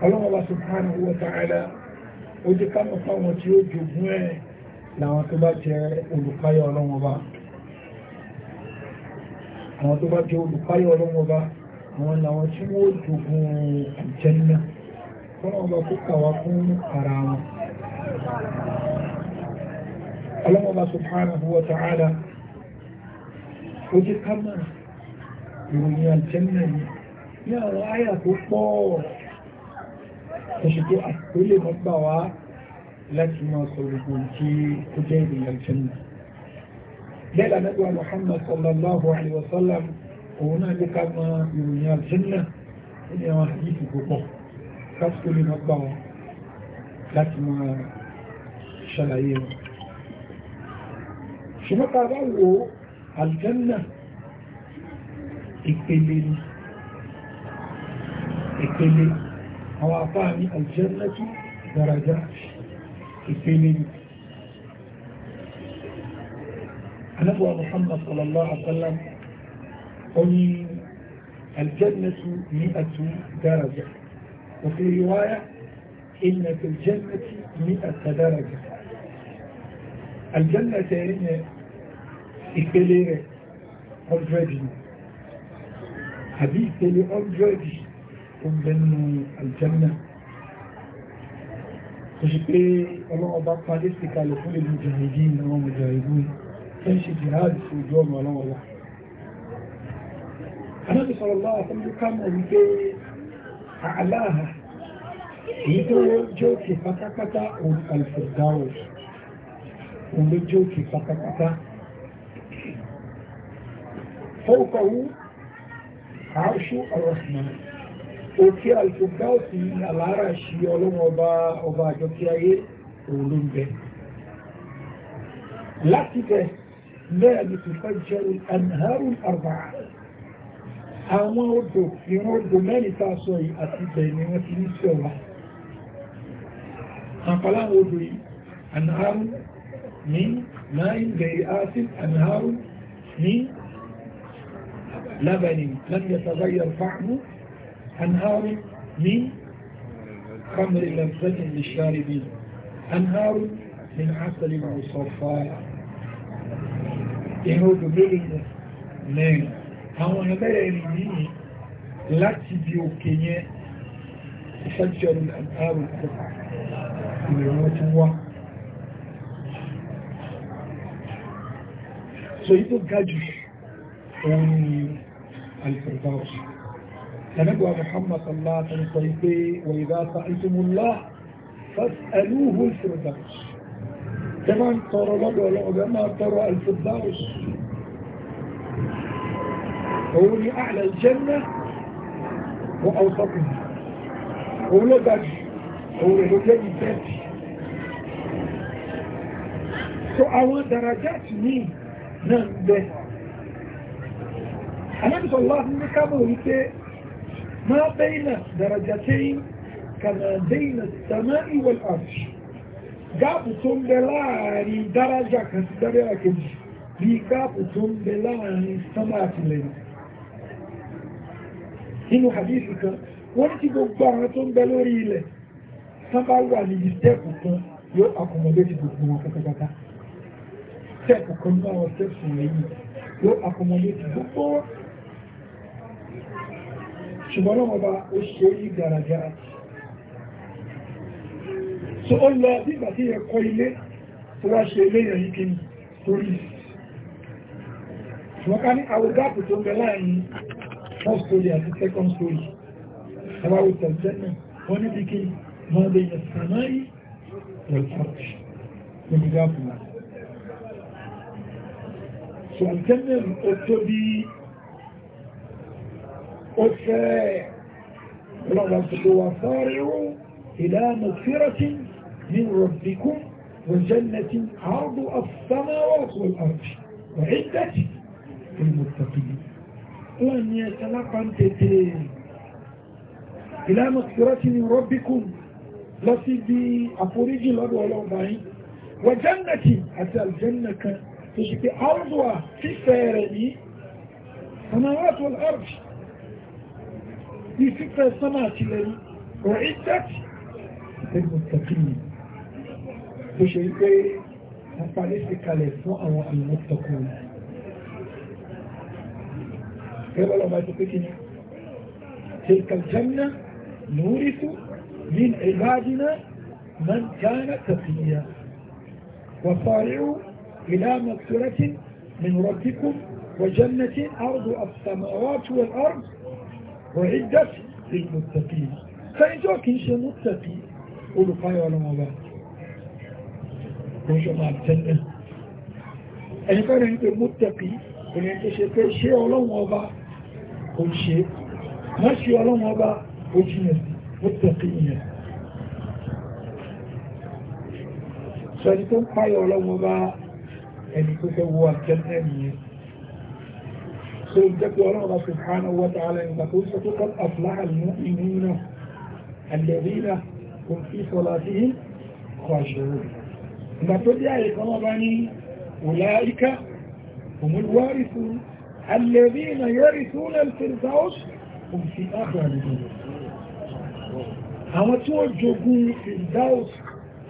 ọlọ́wọ́ bá subhanahu wa ta'ala ó jẹ́ ká mọ̀ fáwọn tí ó jogún ẹ̀ láwọn tó bá jẹ́ olùkáyọ̀ ọlọ́wọ́ bá àwọn tó bá jẹ́ olùkáyọ̀ ọlọ́wọ́ bá àwọn làwọn tí wọ́n jogún aljanna ọlọ́wọ́ bá kó kàwá fún ara wọn ọlọ́wọ́ba subhanahu wa ta'ala ó jẹ́ ká mọ̀ ìròyìn àjẹ́nà yìí ní àwọn àyà tó pọ̀ ẹ̀ṣùgbọ́ àtòlè mọ́gbà wá láti máa sọ̀rọ̀ tí ó jẹ́ ìròyìn àjẹ́nà lẹ́la nẹ́gbà Muhammad sallallahu alaihi wasallam òun jẹ́ ìròyìn àjẹ́nà ní láti máa ṣàlàyé wọn شنو قالوا الجنة اكلل اكلل هو أعطاني الجنة درجات اكلل نبوى محمد صلى الله عليه وسلم قل الجنة مئة درجة وفي رواية إن في الجنة مئة درجة الجنة يعني ìpele rẹ̀ 100 ni àbí ìpele 100 ọgbẹ̀nù aljanna kò sí pé ọlọ́wọ́ bá padé sí kalẹ̀ fún ìlú jàrìdí ìnáwó mọ̀jàrìdú tẹ́ ṣe jihad sí ojú ọmọ ọlọ́wọ́ wà anábi sallallahu alaihi kámọ̀ wípé àláhà èyí tó jẹ́ òkè pátápátá òun alfẹ̀dáwò òun ló jẹ́ pátápátá فوقه عرش الرحمن òkè alifokausi alára ṣe ọlọ́wọ́ ọba ọba àjọkí ayé òun ló ń bẹ láti bẹ bẹ́ẹ̀ ni kò fẹ́ jẹ́ anharu arba àwọn odò ìran odò mẹ́rin tá a sọ yìí àti bẹ́ẹ̀ ni wọ́n ti ní sí ọ̀la àpàlà àwọn odò yìí anharu ní máa ń bẹ̀rẹ̀ àti anharu ní لبن لم يتغير طعمه أنهار من خمر لذة للشاربين أنهار من عسل مصفى ìhò òdòdó lẹ́yìn àwọn ọ̀nà bẹ́rẹ̀ rí yìí láti bí òkè yẹn ìṣẹ́jọ́ àrùn púpà ìrìnwọ́n ti wá so yí tó gájù òun الفردوس فنبوى محمد صلى الله عليه وسلم وإذا سألتم الله فاسألوه الفردوس كما ترى رب العلماء ترى الفردوس هو لي أعلى الجنة وأوسطها هو لي بج هو لي بجي بج سؤال درجات مين نعم به النبي صلى الله عليه وسلم كابو ما بين درجتين كما بين السماء والأرض gáàpù tó ń bẹ láàrin dáràjà kan sí dáràjà kejì bí gáàpù tó ń bẹ láàrin sánmà àtìlẹyìn nínú hadithi kan wọ́n ti gbogbo àwọn tó ń bẹ lórí ilẹ̀ sánmà wà ní ìstẹ́ẹ̀pù kan yóò akọmọdé ti gbogbo wọn pátápátá stẹ́ẹ̀pù kan ní àwọn stẹ́ẹ̀pù lẹ́yìn yóò akọmọdé ti gbogbo wọn ṣùgbọ́n lọ́wọ́ bá ó ṣe ní gàràgàrà so ó lọ bí ìgbà tí ẹkọ ilé tó wá ṣe ilé yẹn kí ni torí ṣùgbọ́n ká ní àwògáàpù tó bẹ láàrin first story àti second story ẹwà òtẹ̀ jẹ́nà wọ́n ní bí wọ́n lè yẹ sàmáyí wọ̀lfàṣ náà ó fẹ́ ọlọ́gbàtòwà fọ́ríró ìlànà fíràtí ní rọ̀bìkú wọ̀jẹ́nẹ̀tí àádọ́ àfẹ́máwọ̀ ọ̀pọ̀lọpọ̀ ọ̀rẹ́dẹ́tì olùmọ̀tàkìlì wọ́n ni ẹ̀sẹ̀ lápá ń tètè ìlànà fíràtí ní rọ̀bìkú lọ sí bí àforíjì lọ́dọ̀ ọlọ́ọ̀bá yìí wọ̀jẹ́nẹ̀tì àti àlùjẹ́nà kan tó ṣe pé àádọ́ fífẹ́ rẹ̀ ní samáwọ̀ ọ̀pọ̀lọpọ̀ في فكرة صنعة الليل وعدك المتقين مش هيدي هفع ليس كاليسو او المتقون كيف إيه الله ما يتقين تلك الجنة نورث من عبادنا من كان تقيا وصارعوا الى مغفرة من ربكم وجنة ارض السماوات والارض وعدت للمتقين فإن جاءك إن شاء متقي قولوا فاي ولا مبا وشو ما الجنة أن كان عند متقي قل أنت شيء شيء ولا مبا قل شيء ما شيء ولا مبا قل شيء متقين فإن كان فاي ولا مبا أن يكون هو الجنة سيدك الله سبحانه وتعالى يقول فقد أفلح المؤمنون الذين هم في صلاتهم خاشرون ما تدعي قرباني أولئك هم الوارثون الذين يرثون الفردوس هم في آخر الدنيا هم tí wọ́n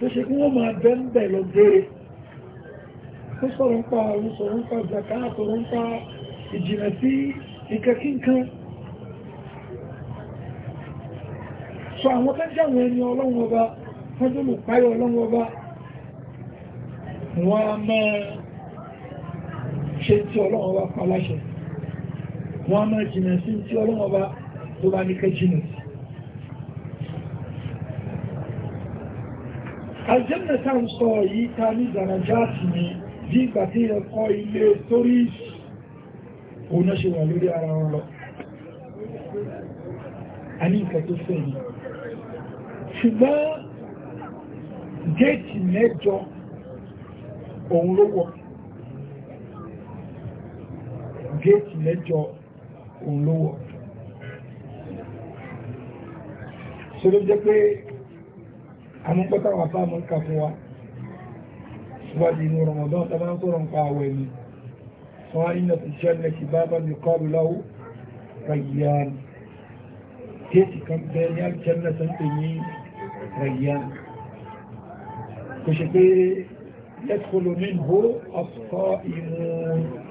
تشكوا ما tó ṣe kí wọ́n máa bẹ́ẹ̀ ìjìnà sí ìkẹkínkan so àwọn tẹ́jàwọn ẹni ọlọ́run ọba fọ́jọ́lù páyọ ọlọ́run ọba wọ́n a máa ṣe tí ọlọ́run ọba paláṣẹ wọ́n a máa jìnà sí tí ọlọ́run ọba tó bá ní kẹjìnà sí aljanna ta ń sọ yìí ta ní dàrájáàtì ní bí ìgbà tí ẹ̀kọ́ ilé torí ìsù òun náà ṣe wà lórí ara wọn lọ a ní nǹkan tó fẹ́ yìí ṣùgbọ́n géètì mẹ́jọ òun ló wọ̀ géètì mẹ́jọ òun ló wọ̀ ṣe ló jẹ́ pé àmúpọ́tàwà fáàmù ń kà fún wa wájú inú Ramadan tàbí ń sọ̀rọ̀ ń pa àwẹ̀ yìí فإن في الجنة بابا يقال له ريان كيتي كم بين الجنة تنتهي ريان كشكي يدخل منه الصائمون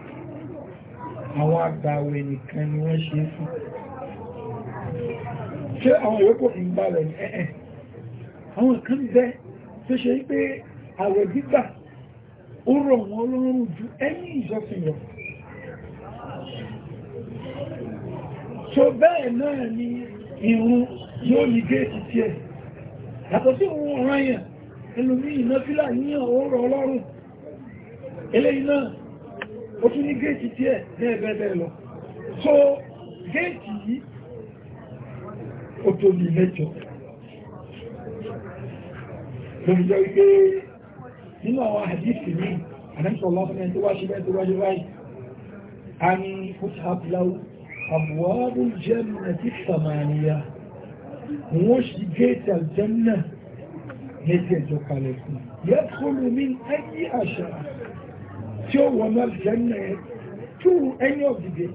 àwọn àgbàwẹ̀ nìkan ni wọ́n ṣe fún ṣe àwọn ìwẹ́pọ̀ fi ń bá rẹ̀ ní ẹ̀ẹ̀ àwọn kan bẹ́ tó ṣe pé àwẹ̀ gbígbà ó rọ̀ wọ́n lọ́rùn ju ẹni ìjọsìn lọ so bẹ́ẹ̀ náà ni irun yóò ní géètì tí ẹ̀ yàtọ̀ sí òun ọ̀rọ̀ yẹn ẹnu ní iná fílà ní ọ̀rọ̀ ọlọ́run eléyìí náà ó tún ní géètì tí ẹ̀ bẹ́ẹ̀bẹ́ẹ̀ lọ so géètì yìí ó tó ní mẹ́jọ lórí jẹ́ wípé لما واحد يفكر مين أنا مش والله فينا أنت واشي بأنت واجي واجي أن تذهب لو أبواب الجنة الثمانية موش جيت الجنة نتيجة قالتنا يدخل من أي أشياء شو وما الجنة تو أن يوجد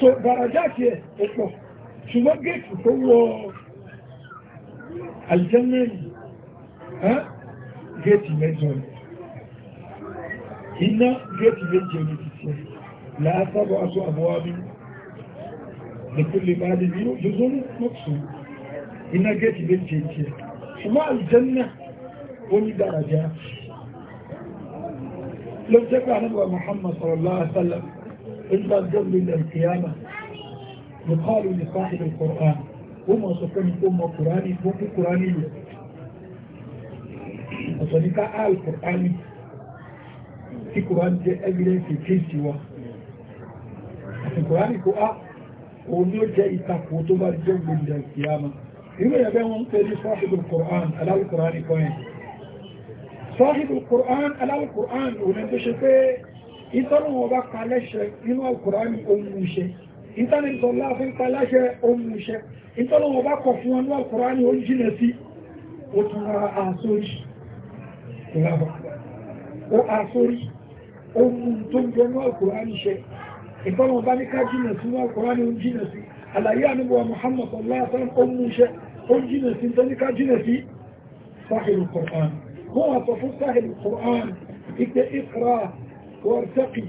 so darajat ye ko chuma ge ko wo aljanna géètì mẹ́jọ iná géètì méje ní títí láàtàbọ̀ aṣọ àbúwábí lẹ́kùnlé máa lè ní yóò lọ́pù iná géètì méje tí ẹ̀ ṣùgbọ́n àlùjànnà ó ní dàrájà ló jẹ́ pé àníbà Muhammad sallallahu alaihi wasallam إلا الظل إلى القيامة يقال لصاحب القرآن هم وصفني أم قرآني هم قرآني sọ ní ká alkùránì tí kùránì jẹ́ evidence kéèsì wa àti kùránì kó á ah, òun ló jẹ́ ìtakò tó bá jẹ́ gbogbo ìyàmà irú ẹ̀bẹ́ wọn ń pè ní sọ́hìbù kùránì aláwùkùránì kan yẹn sọ́hìbù kùránì aláwùkùránì òun tó ṣe pé ìtọ́nà wọn bá kalẹ́ṣẹ́ nínú alkùránì ohun iṣẹ́ ìtànìtọ́lá fún kalẹ́ṣẹ́ ohun iṣẹ́ ìtọ́nà wọn bá kọ̀ fún wọn ní alkùránì ó jìnà sí ó tún rárá ìràbà ó ha sórí ohun tó ń jẹ náà kò rán iṣẹ́ ìfọ́nà bá ní ká jìnà sí náà kò rán ohun jìnà sí àlàyé àníbọ̀ Muhammad aláàtàn ó mú iṣẹ́ ó jìnà sí tó ní ká jìnà sí sáhìlù Qur'an wọ́n wà sọ fún sáhìlù Qur'an ike ikra wartaqi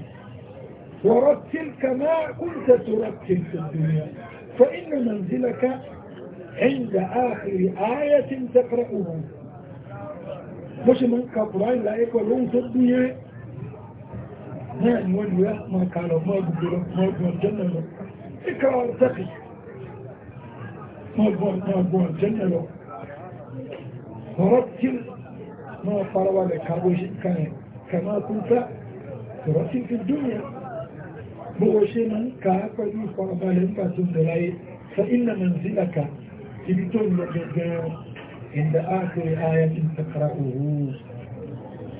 ورتل كما كنت ترتل في الدنيا فإن منزلك عند آخر آية تقرأها bó ṣe máa ń ka kùránì láyé pẹ̀lú ohun tó dún yẹn náà ni wọ́n lè máa ka lọ mọ́ gbogbo lọ mọ́ gbọ́n jẹ́nà lọ kíkà ọ̀tẹ́kì mọ́ gbọ́n jẹ́nà lọ ọ̀rọ̀ tí máa farabalẹ̀ ka bó ṣe ka yẹn máa tún fẹ́ ọ̀rọ̀ tí fi dún yẹn bó ṣe máa ń ka pẹ̀lú ìfarabalẹ̀ nígbà tó ń bẹ̀ láyé fa iná mọ̀ nílàkà ibi tó ń lọ gẹ̀gẹ̀ عند آخر آية تقرأه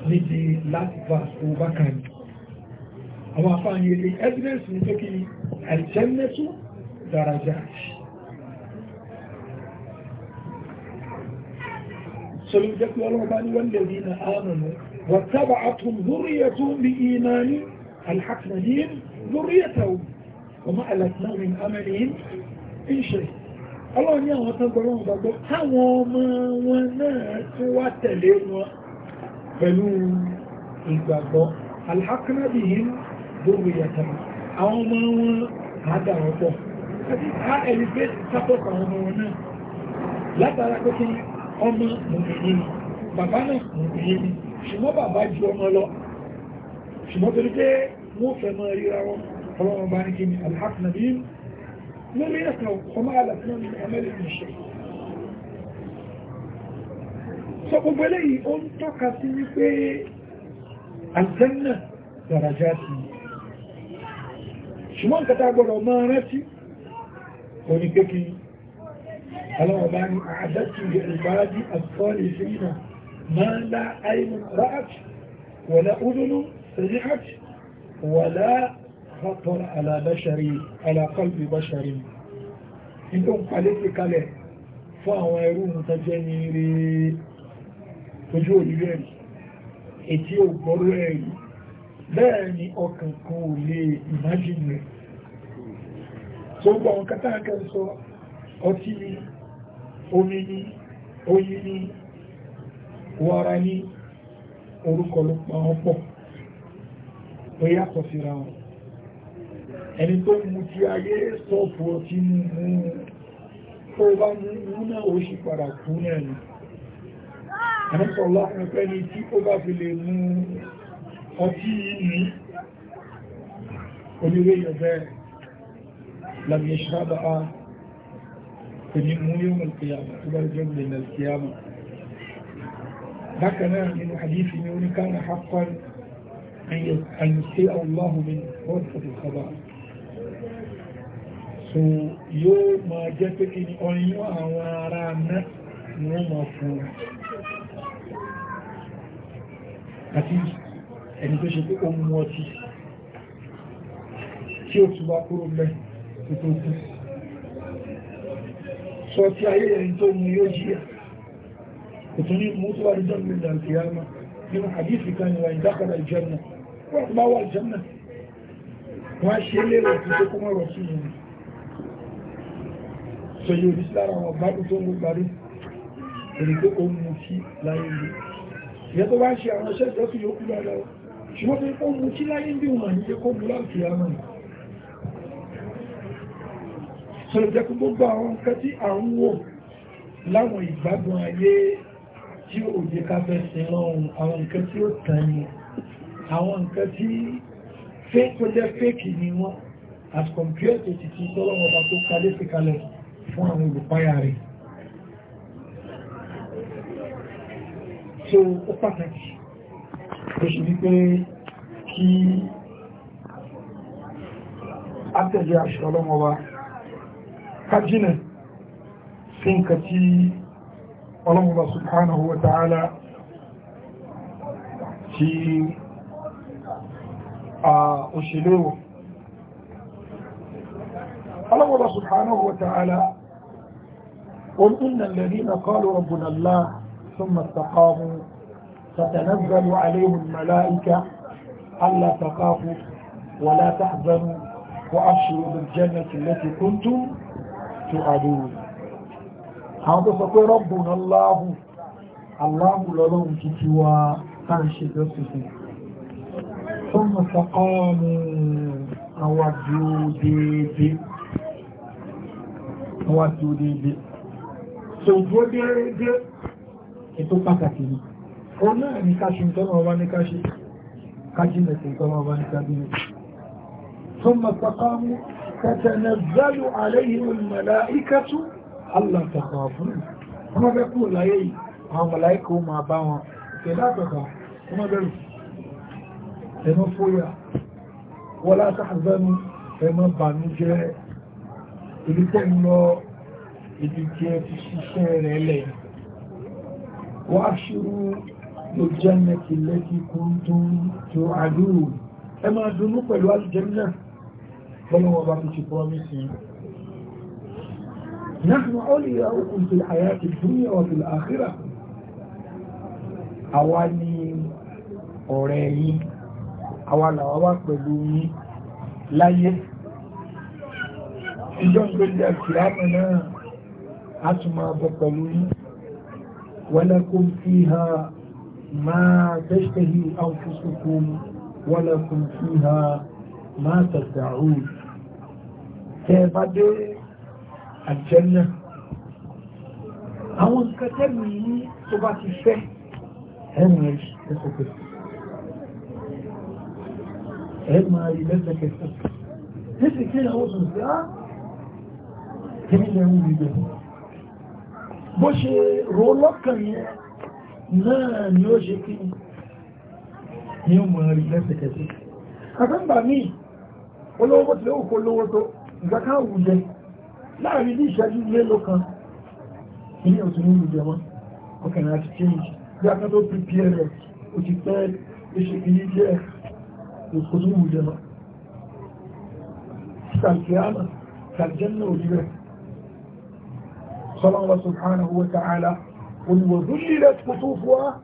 نتي لا تفاسقوا بكا أما فاني لأدرس نتكي الجنة درجات سلوجت والعبان والذين آمنوا واتبعتهم ذريتهم بإيمان الحق نديم ذريتهم وما ألتنا من أملهم إن شئت ọlọ́run ní àwọn tán gbọ́rọ̀ gbogbo táwọn ọmọ wọn náà tí wá tẹ̀lé wọn pẹ̀lú ìgbàgbọ́ alhákínábì yìí gbogbo ìyàtọ̀ àwọn ọmọ wọn àádàrọ̀ pọ̀ àti a ẹ̀lẹ́gbẹ́ sápọ̀kọ̀ àwọn ọmọ wọn náà látara pé kí ọmọ mùmìnì ni bàbá náà mùmìnì ni ṣùgbọ́n bàbá ju ọmọ lọ ṣùgbọ́n torí pé wọ́n fẹ́ mọ́ ríra wọn ọlọ́run bá ní kí ni alhákínábì yìí لم يسمعوا وما علمنا من عمل من شيء sọ gbogbo eléyìí ó ń tọ́ka sí wípé àjẹ́nà dàrájá sí ṣùgbọ́n kàtà gbọ́dọ̀ máa rántí òní pé kí aláwọ̀ bá ní àdájú ìbáradí àtọ́lì ìṣẹ́yìnà máa ń dá àìmọ̀ ráàtì wọ̀lá údúnú sẹ̀ríhàtì wọ̀lá haqqu ala bashari ala qalbi bashari nígbà ń palẹ́ sí kalẹ̀ fún àwọn ẹrú mùtọ́jẹ́ ní rí ojú òyìnbó ẹ̀rí ètí ò gbọ́rú ẹ̀rí bẹ́ẹ̀ ni ọkàn kan ò lè imagine rẹ̀ tó gbọ́ àwọn kátàkẹ́ sọ ọtí ni omi ni oyin ni wàrà ni orúkọ ló pa wọn pọ̀ ó yàtọ̀ síra wọn ẹni tó mú ti ayé sọ́pù ọtí mú tó bá mú náà ó sì padà kú náà ni ẹ̀mọ́sọ̀lá ẹ̀pẹ́ ni tí ó bá fi lè mú ọtí ní oníwé yọ̀bẹ́ lábí ṣábà á kò ní mú yóò mọ̀ kíyàmà tó bá jẹ́ lè kíyàmà bákanáà nínú àdífì ní oníkánà haqqan an yasi'a so yóò ma jẹ́ pé kí ni ọyún àwọn ará náà ni wọ́n ma fún àti ẹni tó ṣe pé ó mú ọtí tí ó túbá kúrò mẹ́ tó tó kú sọ tí ayé ẹni tó mú yóò jíyà kò tún ní mú tó wà ní jọ́nà ìlànà ìyáma nínú àdífì kan ìwà ìdákọ̀dà ìjọ́nà wọ́n bá wà ìjọ́nà wọ́n ṣe lérò tó tó kúmọ̀rọ̀ sí ìrìn tó yóò rí lára wọn bá tó ń gbárí èrè pé ó mú sí láyé rí ìyẹ́ tó bá ṣe àwọn iṣẹ́ ìjọsìn yóò kú lára ọ ṣùgbọ́n pé ó mú sí láyé bí wọn ní jẹ́ kó mú láti àmà sọ̀rọ̀ jẹ́ gbogbo àwọn nǹkan tí à ń wò láwọn ìgbádùn ayé tí ó ni wọ́n as compared to ti ti sọ́lọ́wọ́ bá tó kalé sí kalẹ̀ sí fún àwọn olùpáyà rẹ̀ so ó pàtàkì ó ṣe wípé kí átẹ̀lé àṣọ ọlọ́mọba kájínà sí nǹkan tí ọlọ́mọba subhanahu wa ta'ala tí a òṣèlú ọlọ́mọba subhanahu wa ta'ala قل إن الذين قالوا ربنا الله ثم استقاموا تتنزل عليهم الملائكة ألا تخافوا ولا تحزنوا وأبشروا بالجنة التي كنتم توعدون هذا سقول ربنا الله الله لهم تتوى تنشي ثم استقاموا أوجوا ديدي أوجوا ديدي tó déédé ètò pàtàkì ni ó náà ní káṣí tọ́nà ọba ní káṣí kájí mẹ́sẹ̀ tọ́nà ọba ní kájí ثم استقاموا تتنزل عليهم الملائكة ألا تخافوا وما بيقول لا يي àwọn mọ̀láíkà ó máa bá wọn ṣe látọ̀kà ọmọ bẹ̀rù ibi tí ẹ ti ṣiṣẹ́ rẹ̀ lẹ̀ wá ṣúrú ló jẹ́mẹ́ ti lẹ́kí kún tó ń tó àdúrù ẹ máa dunú pẹ̀lú alìjẹ́mẹ́ bọ́lọ́wọ́ bá fi ṣe àwa ni ọ̀rẹ́ yín àwa làwa wà pẹ̀lú yín láyé ìjọ́ ìgbẹ̀lẹ̀ àti àmì náà أسمى بطلون ولكم فيها ما تشتهي أنفسكم ولكم فيها ما تدعون تبدو الجنة أون كتبني صبات الشيخ هنش تسكت هما يبدك تسكت هل تسكت هل تسكت هل تسكت bó ṣe ro lọ́kàn yẹn náà ni ó ṣe kí ní ọmọ rí lẹ́sẹ̀kẹsẹ̀ àtàǹbà míì olówó tí ó kó lówó tó ìgbàká òwújẹ láàrin bí ìṣẹ́jú mélòó kan ilé òtún ní ìlú jẹmọ́ ọkànlá ti change bí akán tó prepare rẹ̀ ó قال الله سبحانه وتعالى قل وذللت كتوفها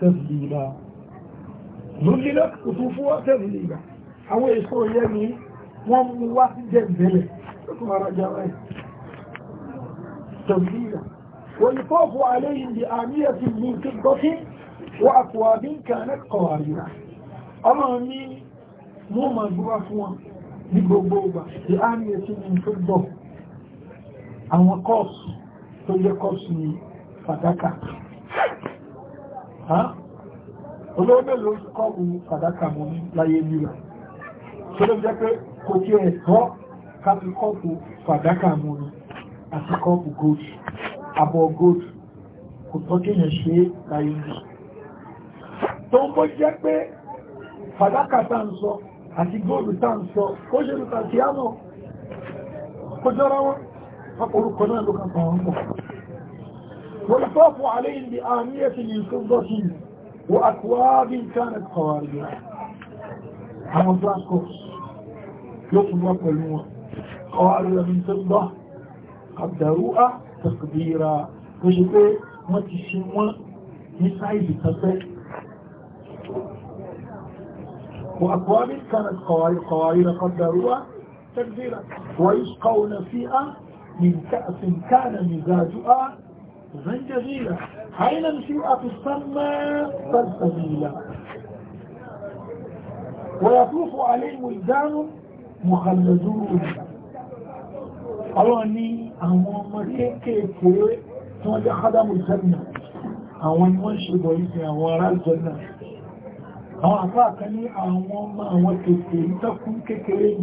تذليلا ذللت كتوفها تذليلا هو يقول يعني ومو جذل كما رجع تذليلا ويطاف عليهم بآنية من فضة وأكواب كانت قوارير أما من مو مجرفون بقبوبة بآنية من فضة àwọn kọ́ọ̀sì tó jẹ́ kọ́ọ̀sì fàdákà olóògbé ló kọ́ọ̀bù fàdákà mọ́ láyé nílá tó ló jẹ́ pé kò kí ẹ̀ tọ́ káfí kọ́ọ̀bù fàdákà mọ́ àti kọ́ọ̀bù gold abọ́ gold kò tọ́ kí yẹn ṣe láyé nílá tó ń bọ́ jẹ́ pé fàdákà tá ń sọ àti góòlù tá ń sọ kó ṣe lùtà sí àmọ́ kó jọra wọn فقروا قنادك طهامه والطاف عليهم بآنية من فضة وأكواب كانت قواربها حمد الله يطلب رب النور من فضة قد دروء تقديرا فشفه ما نسعي بتصدق وأكواب كانت قوارب قوارب قد دروء تقديرا ويسقون فيها من كأس كان مزاجها زنجبيلا أين في تسمى سلسبيلا ويطوف عليهم الجان مخلدون أولاني أمام ركيكي ثم يخدم الجنة أولاني ونشي بويسي أولا الجنة أولا أعطاكني أمام ركيكي تكون ككيكي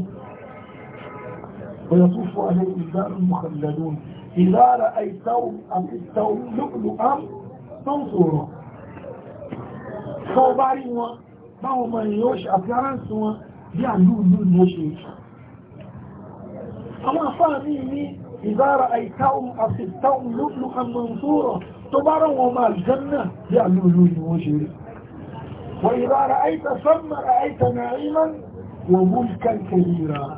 ويطوف عليه الإبدال المخلدون إذا رأيتهم أم إستهم لؤلؤا تنصرا صوباري هو ما هو من يوش أفران هو يعني لون لون أما فاهميني إذا رأيتهم أم لؤلؤا منصورا تبارا وما الجنة يعني لون لون وإذا رأيت ثم رأيت نعيما وملكا كبيرا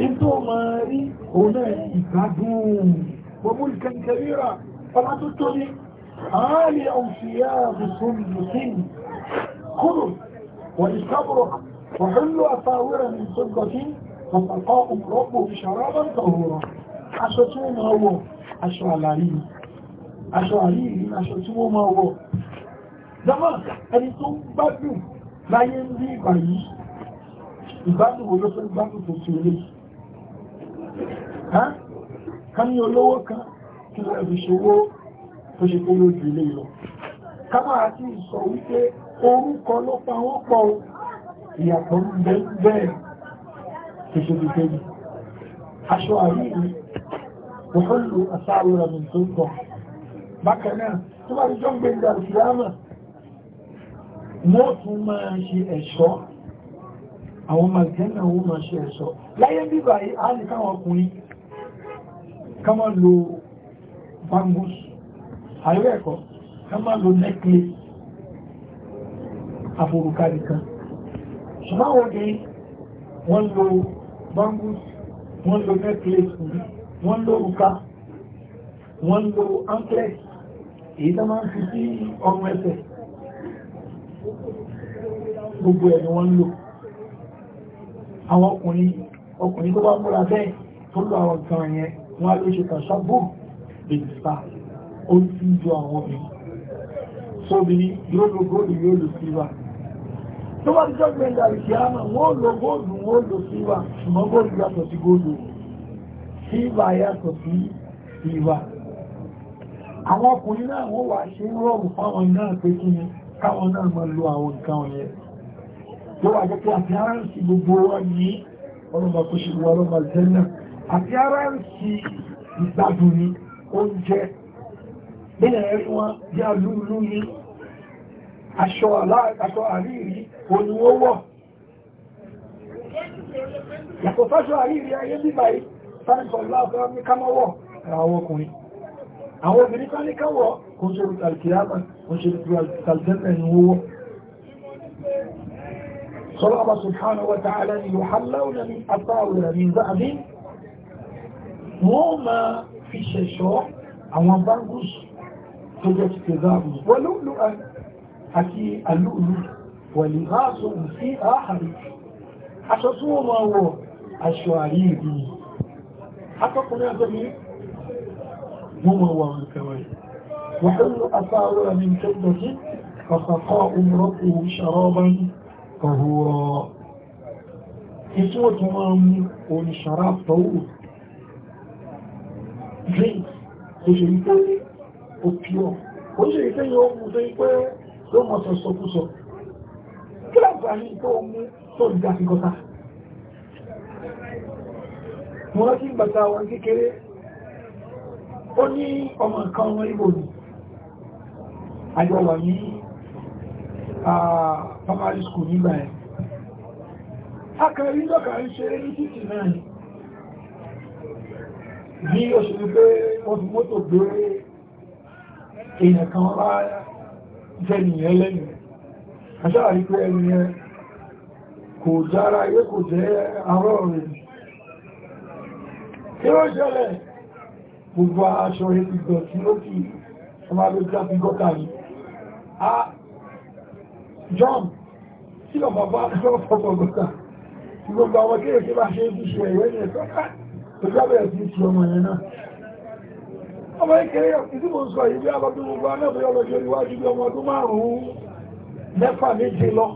ètò máa rí òun náà ìgbádùn gbogbo ìkẹ̀kẹ̀ríra ọba tó tó ní ààrẹ òṣìyà àbùsùn lùkín kúrò من فضة وسقاهم ربهم شرابا طهورا aṣọ tí wọ́n máa wọ̀ aṣọ àlàrí aṣọ àríyí aṣọ tí wọ́n máa wọ̀ dama ẹni tó ń gbádùn ká ní olówó kan kí wọ́n fi ṣòwò tó ṣe kó lójú ilé lọ ká máa ti sọ wípé orúkọ ló pa wọ́n pọ̀ ìyàtọ̀ ń bẹ bẹ́ẹ̀ tó ṣe fi tẹ́lẹ̀ aṣọ àríyìn wọ́hálù àsáàrùra mi tó ń bọ̀ bákan náà tó bá rí jọ́ ń àwọn ọmọ ìjẹ́nà owó máa ṣe ẹ̀ṣọ́ láyé bíbà á lè káwọn ọkùnrin ká máa lo bangus àríwẹ̀ ẹ̀kọ́ ká máa lo necklace àforùkárì kan ṣùgbọ́n àwọn obìnrin wọ́n lo bangus wọ́n lo necklace wọ́n lo òrùka wọ́n lo anklet èyí tó máa ń fi sí ọrùn ẹsẹ̀ gbogbo ẹ̀ ni wọ́n lò àwọn ọkùnrin ọkùnrin tó bá múra bẹ́ẹ̀ tó lọ àwọn nǹkan yẹn wọ́n á ló ṣe tàṣàbò bèbìsà ó ti ju àwọn obìnrin tó obìnrin yóò lo góòlù yóò lo sílvà tó bá ti jọ́gbẹ́ ìdàrí sí àmà wọ́n lo góòlù wọ́n lo sílvà ṣùgbọ́n góòlù yàtọ̀ sí góòlù sílvà yàtọ̀ sí sílvà àwọn ọkùnrin náà wọ́n wà ṣe ń rọrùn fáwọn náà pé yóò wà jẹ́ pé àfihàránsì gbogbo wa ní ọlọ́mà kò ṣe wọ ọlọ́mà jẹ́nà àfihàránsì ìgbádùn ní oúnjẹ nílẹ̀ ẹ̀rí wọn bí alúlú ní aṣọ àríìrí òní ó wọ̀ yàtọ̀ fáṣọ àríìrí ayé bíbá yìí sáńtọ̀ láàbọ̀ ní kámọ́wọ̀ àwọn ọkùnrin àwọn obìnrin sáńtọ̀ káwọ̀ kò ṣe olùtàlùkìyàmà kò ṣe olùtàlùkìyàmà ní owó صلى سبحانه وتعالى يحلون من أطاول من ذهب وما في شيشوع أو بانجوس توجد كذاب ولؤلؤا أكي اللؤلؤ ولغاز في آخر أشسوا ما هو أشواريبي حتى قلنا ذلك هم هو من وحل أطاول من كبدة فسقاء ربه شرابا فهو كسوة مام ونشراب طول drink ó ṣe wípé ó pure ó ṣe wípé yóò mú tó wípé yóò mọ̀ sọ sọkúsọ kí láti àní tó mú tó ń dáfi gọta mo rántí gbàtà wa kékeré ó ní ọmọ nǹkan ọmọ ibò ní àjọ wà ní primary school nígbà ẹ̀ akẹrí lọ́kàrí ṣeré ní títì náà ní òṣèlú pé wọ́n fi mọ́tò gbé èèyàn kan wá jẹ́nìyàn lẹ́yìn aṣáàrí pé ẹni ẹ kò jára ilé kò jẹ́ arọ́ rẹ̀ kí ó jẹ́lẹ̀ gbogbo aṣọ ìgbọ̀ tí ó kì ọmọ John tí lọ bàbá lọ́pọ̀lọpọ̀ gbogbo àwọn kéèkéé bá ṣe ń ṣe ìwé ní ẹ̀tọ́ ká tó jábẹ̀rẹ̀ sí ti ọmọ ẹ̀ náà ọmọ ìkéré ìdíbò ń sọ ìbí àbábí gbogbo anábẹ́ ọlọ́jọ́ ìwájú bí ọmọ ọdún márùn-ún mẹ́fà méje lọ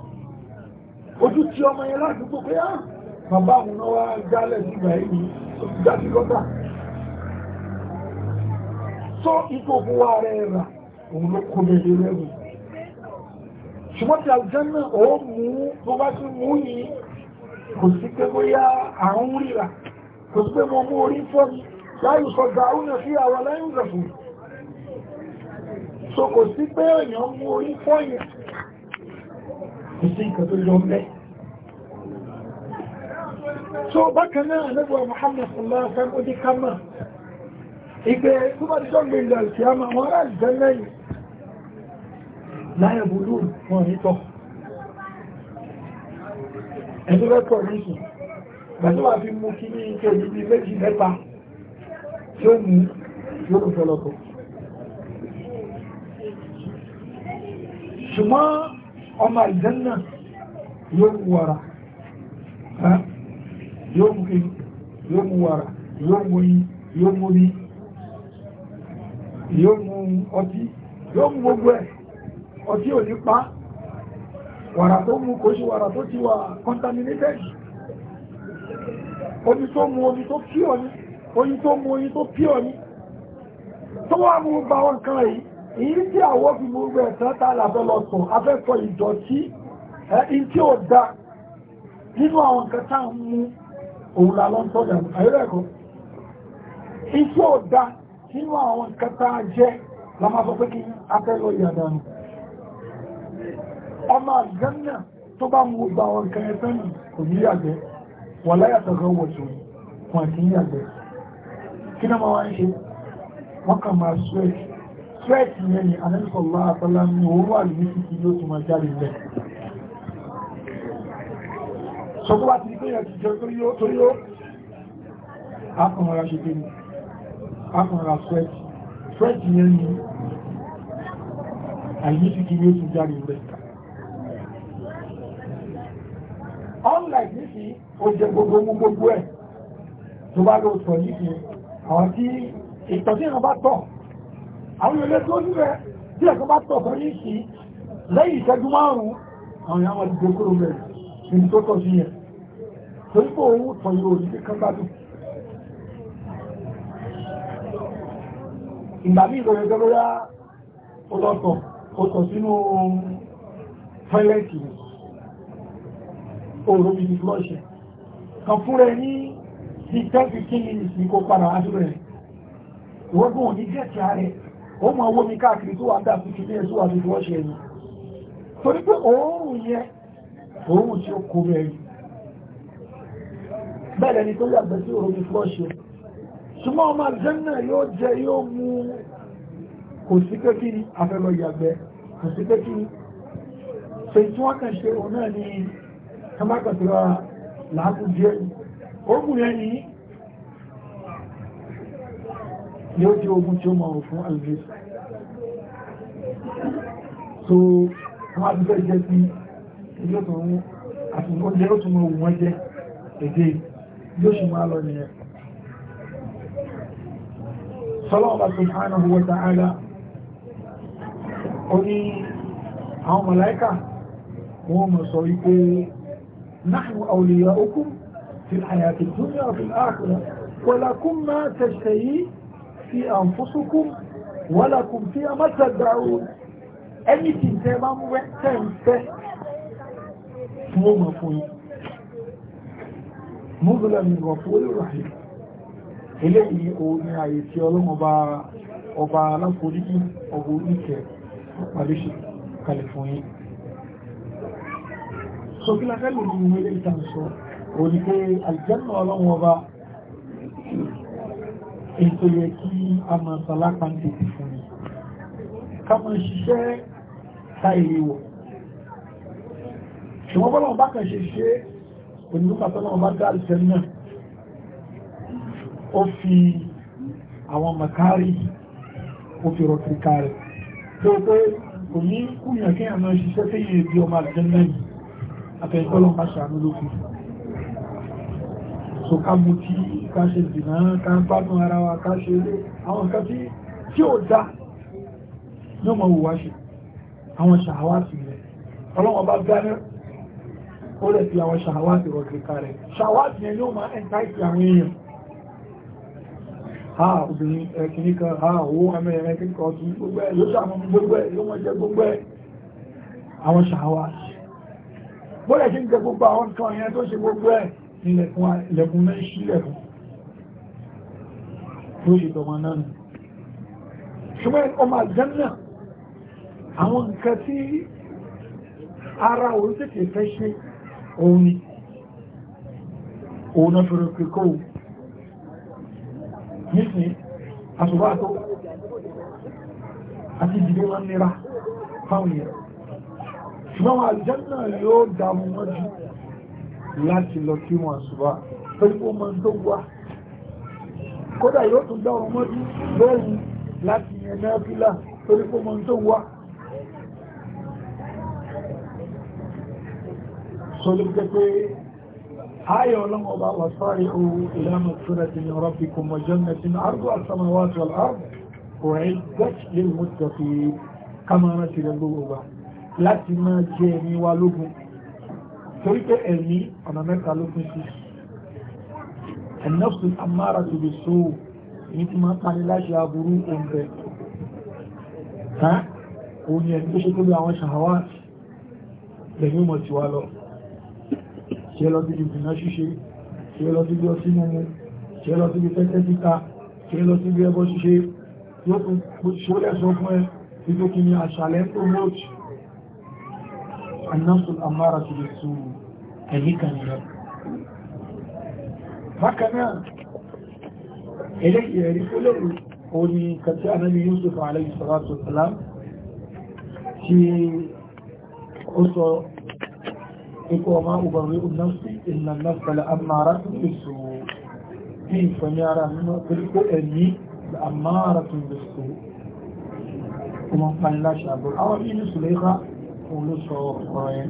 ojú ti ọmọ yẹn láti gbó pé á ah, bàbá àwọn náà wá jálẹ̀ sígbà yìí jáde lọ́tà sọ ìkòkò wa rẹ̀ rà òun ló kó lè lé lẹ́rù ṣùgbọ́n tí àlùjànnà ó mú tó bá tún mú yìí kò sí pé bóyá àrùn ríra kò sí pé mo mú orí fọ́ mi sọ dáúnà sí àwọn aláyùn rẹ̀fù so kò sí pé èèyàn mú orí fọ́ kò sí nǹkan tó yọ so bákan náà lẹ́gbọ̀n Muhammad sallallahu alaihi wasallam ó dé ká mọ̀ ìgbé tó bá láyẹ̀ burú wọn nítọ̀ ẹ̀tọ́ lẹ́tọ̀ nìsù pẹ̀lú wà fi mú kí ní ike ìbí méjì mẹ́ta tí ó mú yóò fẹ́lọ́tọ̀ ṣùgbọ́n ọmọ ìjẹ́nà yóò mú wàrà yóò mú kí yóò mú wàrà yóò mú yí yóò mú rí yóò mú ọtí yóò mú gbogbo ẹ̀ ọtí ò ní pa wàrà tó mú kò ṣe wàrà tó ti wà contaminated omi tó mú omi tó pí ọ̀ní oyin tó mú oyin tó pí ọ̀ní tó wà mú bá wọn kan yìí èyí tí àwọ́ fi mú rẹ̀ tán tá lábẹ́ lọ́tọ̀ afẹ́kọ̀ ìdọ̀tí ẹ̀yìn tí ó dá nínú àwọn nǹkan tá ń mú òun la lọ ń tọ́jà àyẹ́rẹ́kọ́ ìtí dá nínú àwọn nǹkan tá jẹ́ la sọ pé kí afẹ́ lọ ọmọ àjẹ́nà tó bá mú gbogbo àwọn nǹkan ẹgbẹ́ nì kò ní yàgbẹ́ wà láyàtọ̀ kan wọ̀tò wọn àti yàgbẹ́ kí náà máa ń ṣe wọ́n kàn máa sweat sweat yẹn ni anẹ́sọ̀lá àtọ́lá ní òun wà ní títí yóò tún máa jáde lẹ̀ sọ́kọ́ bá ti pé ti jẹ ní akọ̀nra sweat sweat unlike nífi ó jẹ gbogbo mú gbogbo ẹ̀ tó bá lọ sọ nífi àwọn tí ìtọ̀sí ìran bá tọ̀ àwọn ilé tó ní rẹ̀ tí ẹ̀kọ́ bá tọ̀ sọ nífi lẹ́yìn ìṣẹ́jú márùn-ún àwọn ìyàwó ti gbé kúrò rẹ̀ ní tó tọ̀ sí yẹn torí pé òun tọ̀ yóò ní kíkan gbádùn ìgbà ní oòrùn mi ní lọ́ṣẹ̀ kan fún rẹ ní ti tẹ́sí kí ni ìsìn kó padà wá dúró rẹ̀ ìwọ́n gbọ́n ní gẹ̀ẹ́sì ààrẹ ó mọ owó mi káàkiri tó wà ń dà sí kí ní ẹ̀sùn àti ìwọ́ṣẹ̀ yìí torí pé òórùn yẹn òórùn tí ó kó rẹ̀ bẹ́ẹ̀ ni tó yàgbẹ́ sí òórùn ìfọ́ṣẹ́ ṣùgbọ́n ọmọ àjẹ́nà yóò jẹ yóò mú kò sí pé kí ni afẹ́lọ yàgbẹ́ kò sí pé kí ni ṣe tí wọ́n kàn ṣe òun náà ni kámákàtúrà làákùn díẹ̀ ogun yẹn ni ni ó jẹ́ ogun tí ó máa fún alvis so wọ́n á ti fẹ́ jẹ́ sí ilé tó ń àtúnwọ́n jẹ́ ó tún mọ ohun wọ́n jẹ́ èdè yóò ṣe máa lọ subhanahu wa ta'ala ó ní àwọn mọ̀láíkà wọ́n mọ̀ sọ نحن أولياؤكم في الحياة الدنيا وفي الآخرة ولكم ما تشتهي في أنفسكم ولكم فيها ما تدعون anything tẹ́ bá mú tẹ́ ń fẹ́ fún ọmọ fún yín múzùlẹ̀ mi rọ̀ fún orí ràhì eléyìí o ní ààyè tí ọlọ́mọ bá ọba aláforí ọgbọ̀ oníkẹ̀ pàdé ṣe kalẹ̀ fún yín so kí la fẹ́ lè ní ilé ìtàn sọ òní pé àlùjànnà ọlọ́run ọba ètò yẹ kí a máa sọlá kan tètè fún mi ká máa ṣiṣẹ́ ta èrè wọ̀ ṣùgbọ́n bọ́lá ọba kan ṣe ṣe onígbà tọ́lá ọba dá àlùjànnà ó fi àwọn màkárì ó fi rọ̀ kiri kárì tó pé kò ní kúnyàn kí àwọn ṣiṣẹ́ tó yẹ bí ọmọ àlùjànnà yìí afẹ́kọ́lọ̀ bá ṣàánú lókè so ká mú tí ká ṣe dìnà ká ń gbádùn ara wa ká ṣe lé àwọn nǹkan tí tí ó dá ní ọmọ òwúwá ṣe àwọn ṣàwátì rẹ̀ ọlọ́wọ́n bá dáná ó rẹ̀ fi àwọn ṣàwátì rọ̀kẹ̀ká rẹ̀ ṣàwátì yẹn yóò máa ẹ̀ntáìtì àwọn èèyàn ha obìnrin ẹ̀kìní kan ha owó ẹmẹ ẹ̀kìní kan ọ̀tún gbogbo ẹ̀ yóò ṣàmọ́ gbogbo ẹ̀ yóò mọ̀ jẹ bọ́lẹ̀ tí ń jẹ gbogbo àwọn nǹkan ìyẹn tó ṣe gbogbo ẹ̀ ilẹ̀kùn mẹ́ sílẹ̀kùn tó ṣe tọmọ náà nù ṣùgbọ́n ọmọ àjẹ́mìnà àwọn nǹkan tí ara òun tètè fẹ́ ṣe òun ni òun náà kíkọ́ nísìn àṣùgbọ́ àtó àti ìdílé wọn nira fáwọn èèyàn ṣùgbọ́n àjẹ́nà yóò dàmú wọ́n jù láti lọ kí wọ́n ṣùgbá pẹ̀lú ọmọ tó wá kódà yóò tún dá ọmọ jù bẹ́ẹ̀rù láti yẹn náà fílà pẹ̀lú ọmọ tó wá sọ ló jẹ́ pé آية ولم أضع وصارعوا إلى مغفرة من ربكم وجنة عرضها السماوات والأرض وعدت للمتقين كما نسل الظلوبة láti máa jẹ ẹ̀mí wa lógun torí pé ẹ̀mí ọ̀nà mẹ́ta ló pín sí ẹ̀nọ́sùn amára tó lè so èyí tí máa ń pani láti aburú oúnjẹ òun ni ẹ̀mí tó ṣe tóbi àwọn ṣàwá lẹ́yìn mọ̀ tí wá lọ ṣe lọ síbi ìgbìnà ṣíṣe ṣe lọ síbi ọtí mímu ṣe lọ síbi tẹ́tẹ́ títa ṣe lọ síbi ẹbọ ṣíṣe yóò fún ṣólẹ̀ sọ fún ẹ tító kí ni àṣàlẹ̀ ń promote النفس الأمارة بالسوء هذه كان لك يعني هكنا إليك يعرف له قولي قد جاءنا ليوسف عليه الصلاة والسلام في أسوة إكوة ما أبرئ نفسي إن النفس لأمارة بالسوء في فنيارة من أبرئ أني لأمارة بالسوء ومن قال الله شعبه أولين سليخة òun ló sọ ọ̀rọ̀ ẹ̀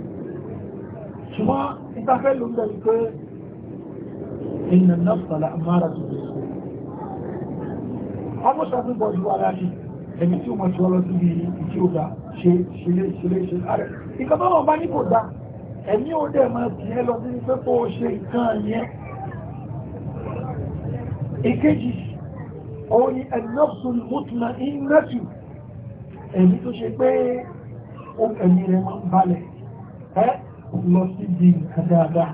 ṣùgbọ́n ìtafẹ́ ló bẹ̀rẹ̀ pé ìnà náà sọ̀lá àmàrà tó lè sọ ọmọ sọ fún bọ́ọ̀dù ara ní ẹni tí ó mọ̀ tí ó lọ sí ibi tí ó dá ṣe ṣe ṣe ṣe ààrẹ ìkàbọ̀ wọn bá ní kò dá ẹ̀mí ó dẹ̀ máa tì ẹ́ lọ sí pé kó o ṣe nǹkan yẹn ìkejì òun ni ẹ̀nọ́sùn mutma ìnrẹ́tù ẹ̀mí tó ṣe pé ó kẹ̀mí rẹ̀ máa ń balẹ̀ ẹ́ lọ sí di nǹkan dáadáa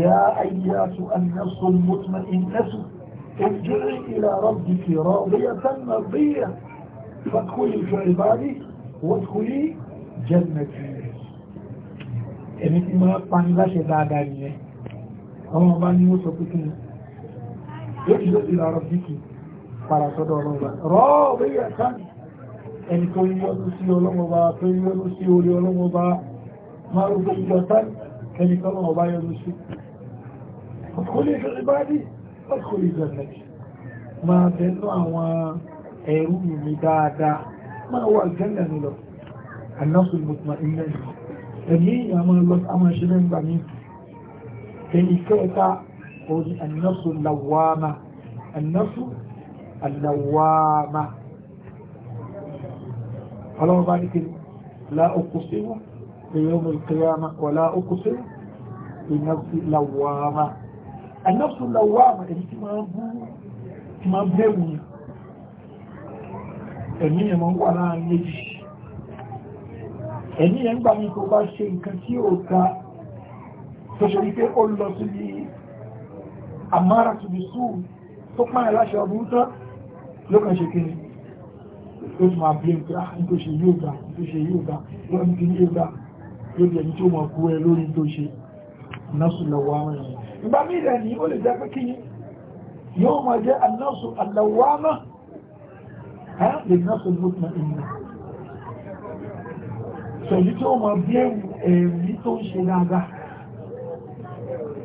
yá ayé aṣọ àníyàṣọ mọ́tìmọ̀ ìnẹ́sù ojúrí ìlà rọ́bì fi rọ́ bóyá sánà bíyà fàkúlì fún ìbárí wọ́n kúlì jẹ́nẹ̀tì ẹni tí ni ó sọ pé kí ni yóò ti lọ sí ìlà rọ́bì ẹni tó yọ́nú sí ọlọ́mọba tó yọ́nú sí orí ọlọ́mọba márùn-ún ìjọta ẹni tọ́lọ́mọba yọ́nú sí ọkùnrin ìjọrìbádì ọkùnrin ìjọrìbádì máa bẹ̀ẹ́nú àwọn ẹ̀rù mi dáadáa máa wà jẹ́lẹ̀ mi lọ anáfún mọ̀tún ilẹ̀ ẹ̀mí àwọn ọmọṣẹ́lẹ̀ ń gbà mí ẹni kẹta òní anáfún ọlọ́run bá ní kiri la uqsimu bi yawmil qiyamah wa la uqsimu bi nafsi lawwamah an-nafsu lawwamah èyí tí máa bú tí máa bẹ̀rù ni ẹ̀mí yẹn máa ń wà láàrin méjì ẹ̀mí yẹn gbà mí bá ṣe nǹkan tí ó ta tó ṣe wípé ó lọ síbi àmárà tùbí sùúrù tó pààyàn láṣẹ ọdún tán ló ṣe kiri yóò tún máa blame pé ah nítorí ṣe yóò dá nítorí ṣe yóò dá wọ́n ní kí yóò dá yóò di ẹni tí ó mọ̀ kú ẹ lórí tó ṣe nọ́ọ̀sù lọ́wọ́mọ́ yẹn ìgbà míì rẹ̀ ni ó lè jẹ́ pé kí yóò mọ̀ jẹ́ anọ́ọ̀sù àlọ́wọ́mọ́ ẹ́ lè nọ́ọ̀sù lókùnà ìlú sọ̀yí tí ó mọ̀ blame ẹ̀mí tó ń ṣe dáadáa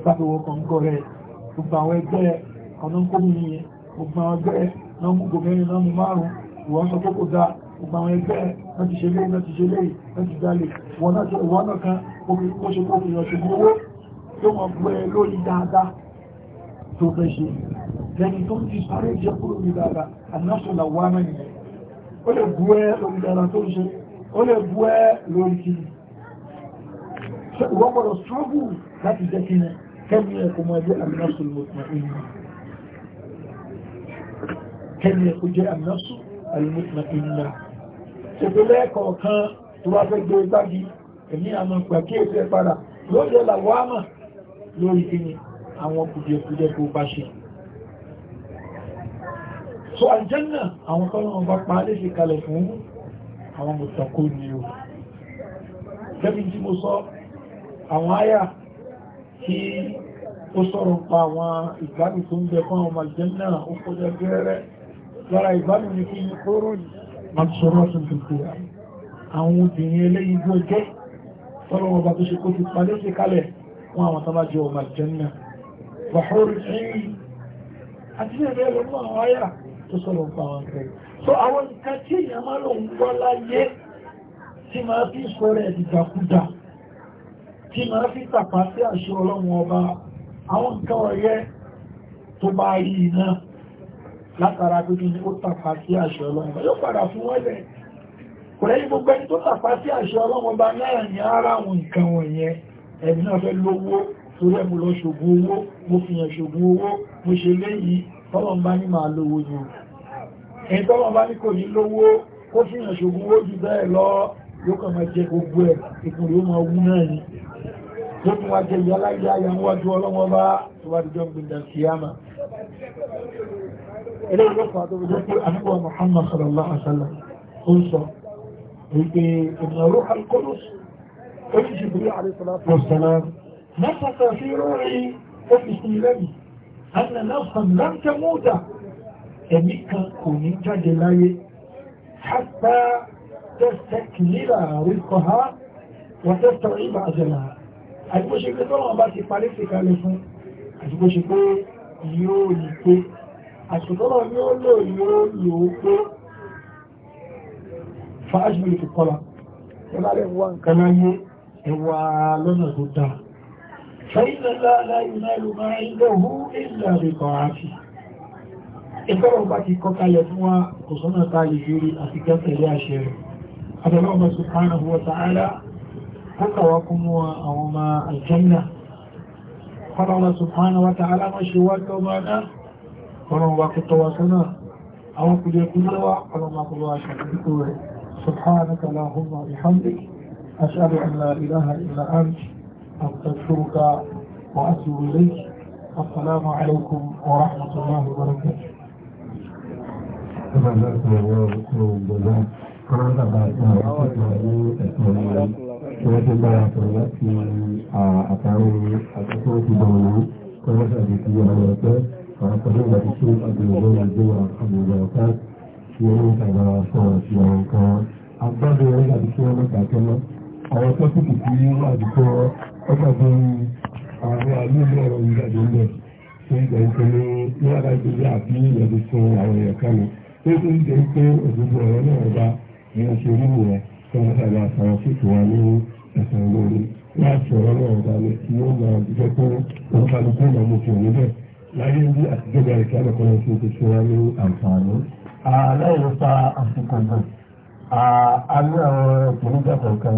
sábẹ̀wọ̀ kan kọ́ rẹ̀ gbogbo àwọn ẹgbẹ́ ọ̀nà kó mú yẹn gbogbo àwọn ẹgbẹ́ náà mú gòmẹ́rin náà mú márùn-ún wọ́n sọ kókò dá gbogbo àwọn ẹgbẹ́ wọ́n ti ṣe lé wọ́n ti ṣe lé wọ́n ti dálé wọ́n náà wọ́n náà kan ó ṣe kókò ìrọ̀ṣẹ̀ ní owó tó mọ̀ gbé lórí dáadáa tó fẹ́ ṣe lẹ́ni tó ti sáré jẹ́ kúrò ní dáadáa ànáṣọ́ là wá jẹ́ kí ni kẹ́mi àìmọ̀tìmọ̀ ìnà ṣègbélẹ̀ kọ̀ọ̀kan tó wá fẹ́ gbé gbági ẹ̀mí àmọ́ pàkíyèsí ẹ̀ padà yóò yẹ làwọ́ àmà lórí kíni àwọn kùdìẹ̀kùdìẹ̀ tó bá ṣe so aljanna àwọn kọ́lọ̀ ọba pa lè fi kalẹ̀ fún àwọn mùsàkó ni o gẹ́bí tí mo sọ àwọn àyà tí o sọ̀rọ̀ pa àwọn ìgbádùn tó ń bẹ fún àwọn aljanna ó kọjá gẹ́rẹ́ lára ìbálò ní kí ní kóró ní àtúnṣọ́rọ́ tó fi kò rà àwọn obìnrin eléyìí bí ọjọ́ tọ́lọ́ wọn bá tó ṣe kó fi padé sí kalẹ̀ wọn àwọn tó bá jẹ ọmọ àjẹ́nà tí máa fi tàpá sí àṣọ ọba àwọn nǹkan ọ̀yẹ́ tó bá rí náà látara gbogbo ni ó tàpá sí àṣẹ ọlọ́run yóò padà fún wọ́n lẹ̀ kò lẹ́yìn gbogbo ẹni tó tàpá sí àṣẹ ọlọ́run bá náà ní ara àwọn nǹkan wọ̀nyẹn ẹ̀mí náà fẹ́ lówó torí ẹ̀ mo lọ ṣògùn owó mo fi hàn ṣògùn owó mo ṣe léyìí tọ́lọ́n bá ní máa lówó ni ẹni tọ́lọ́n bá ní kò ní lówó ó fi hàn ṣògùn owó jù bẹ́ẹ̀ eléyìí ló fàá tó fi jẹ́ pé àníwọ̀ Muhammad sallallahu alaihi wasallam ó sọ wípé ìmọ̀rú alkọ́lọ́sì ó sì ṣe bí àrísọ́láàtì ọ̀sẹ̀lá mẹ́sàkà sí rọ́rí ó fi sí lẹ́nu àti nàfàn láńkẹ́ mọ́dà ẹ̀mí kan kò ní jáde láyé hátà tẹ́sẹ̀ kìlíra àríkọ́ ha wọ́n tẹ́sẹ̀ ìbà àjẹlà àti ṣe pé tọ́lọ́wọ́n bá ti parí sí kalẹ̀ fún àti ṣe pé yóò ní pé àṣùgbọ́n ní ó lò yóò lò ó pé fàájúlù ti kọ́lá ẹgbàlẹ̀ wà nǹkan láyé ẹwà lọ́nà tó dá ṣàílẹ̀lá láìláìlú máa ń lọ́hú ìlà rẹ̀kọ̀ àti ìfẹ́rọ̀ bá ti kọ́ kalẹ̀ fún wa kò sọ́nà ta lè fi àti kẹ́kẹ̀lé àṣẹ ọmọ subhanahu wa ta'ala ó kàwá kún náà ولو باك التواسنا أو كل يكون لوا ولو ما قلوا أشهدك سبحانك اللهم بحمدك أشهد أن لا إله إلا أنت أستغفرك وأتوب إليك السلام عليكم ورحمة الله وبركاته فأتمنى بشير أبي يوم الجمعة الحمد لله وكان يوم كان صار في يوم كان أبدا يوم أبي شير ما كان àwọn tọ́pùkù tí wọ́n àdìkọ́ ọgbàgbọ́n àwọn alúgbọ́ ọ̀rọ̀ ìgbàjọ ilẹ̀ tó ń jẹ́ ìpé ní lára ìgbèlé àti ìyẹ̀dù fún àwọn èèyàn kánú tó ń jẹ́ ìpé òṣùgbọ́ ọ̀rọ̀ náà bá ní ọṣẹ́ orí rẹ̀ tó ń sàlà àtàwọn fífi wa ní ẹ̀sẹ̀ lórí láti ọ̀rọ̀ náà bá ní tí ó máa jẹ́ pé òǹkàlùkù náà mo fi òun bẹ́ẹ̀ láyé bí àtijọba rẹ̀ kí àgbàkọ́lá ṣe ti ṣe wá ní àǹfààní. aláìlú ah, fa àsìkò náà ah, a ní àwọn ìpèníjà kọ̀ọ̀kan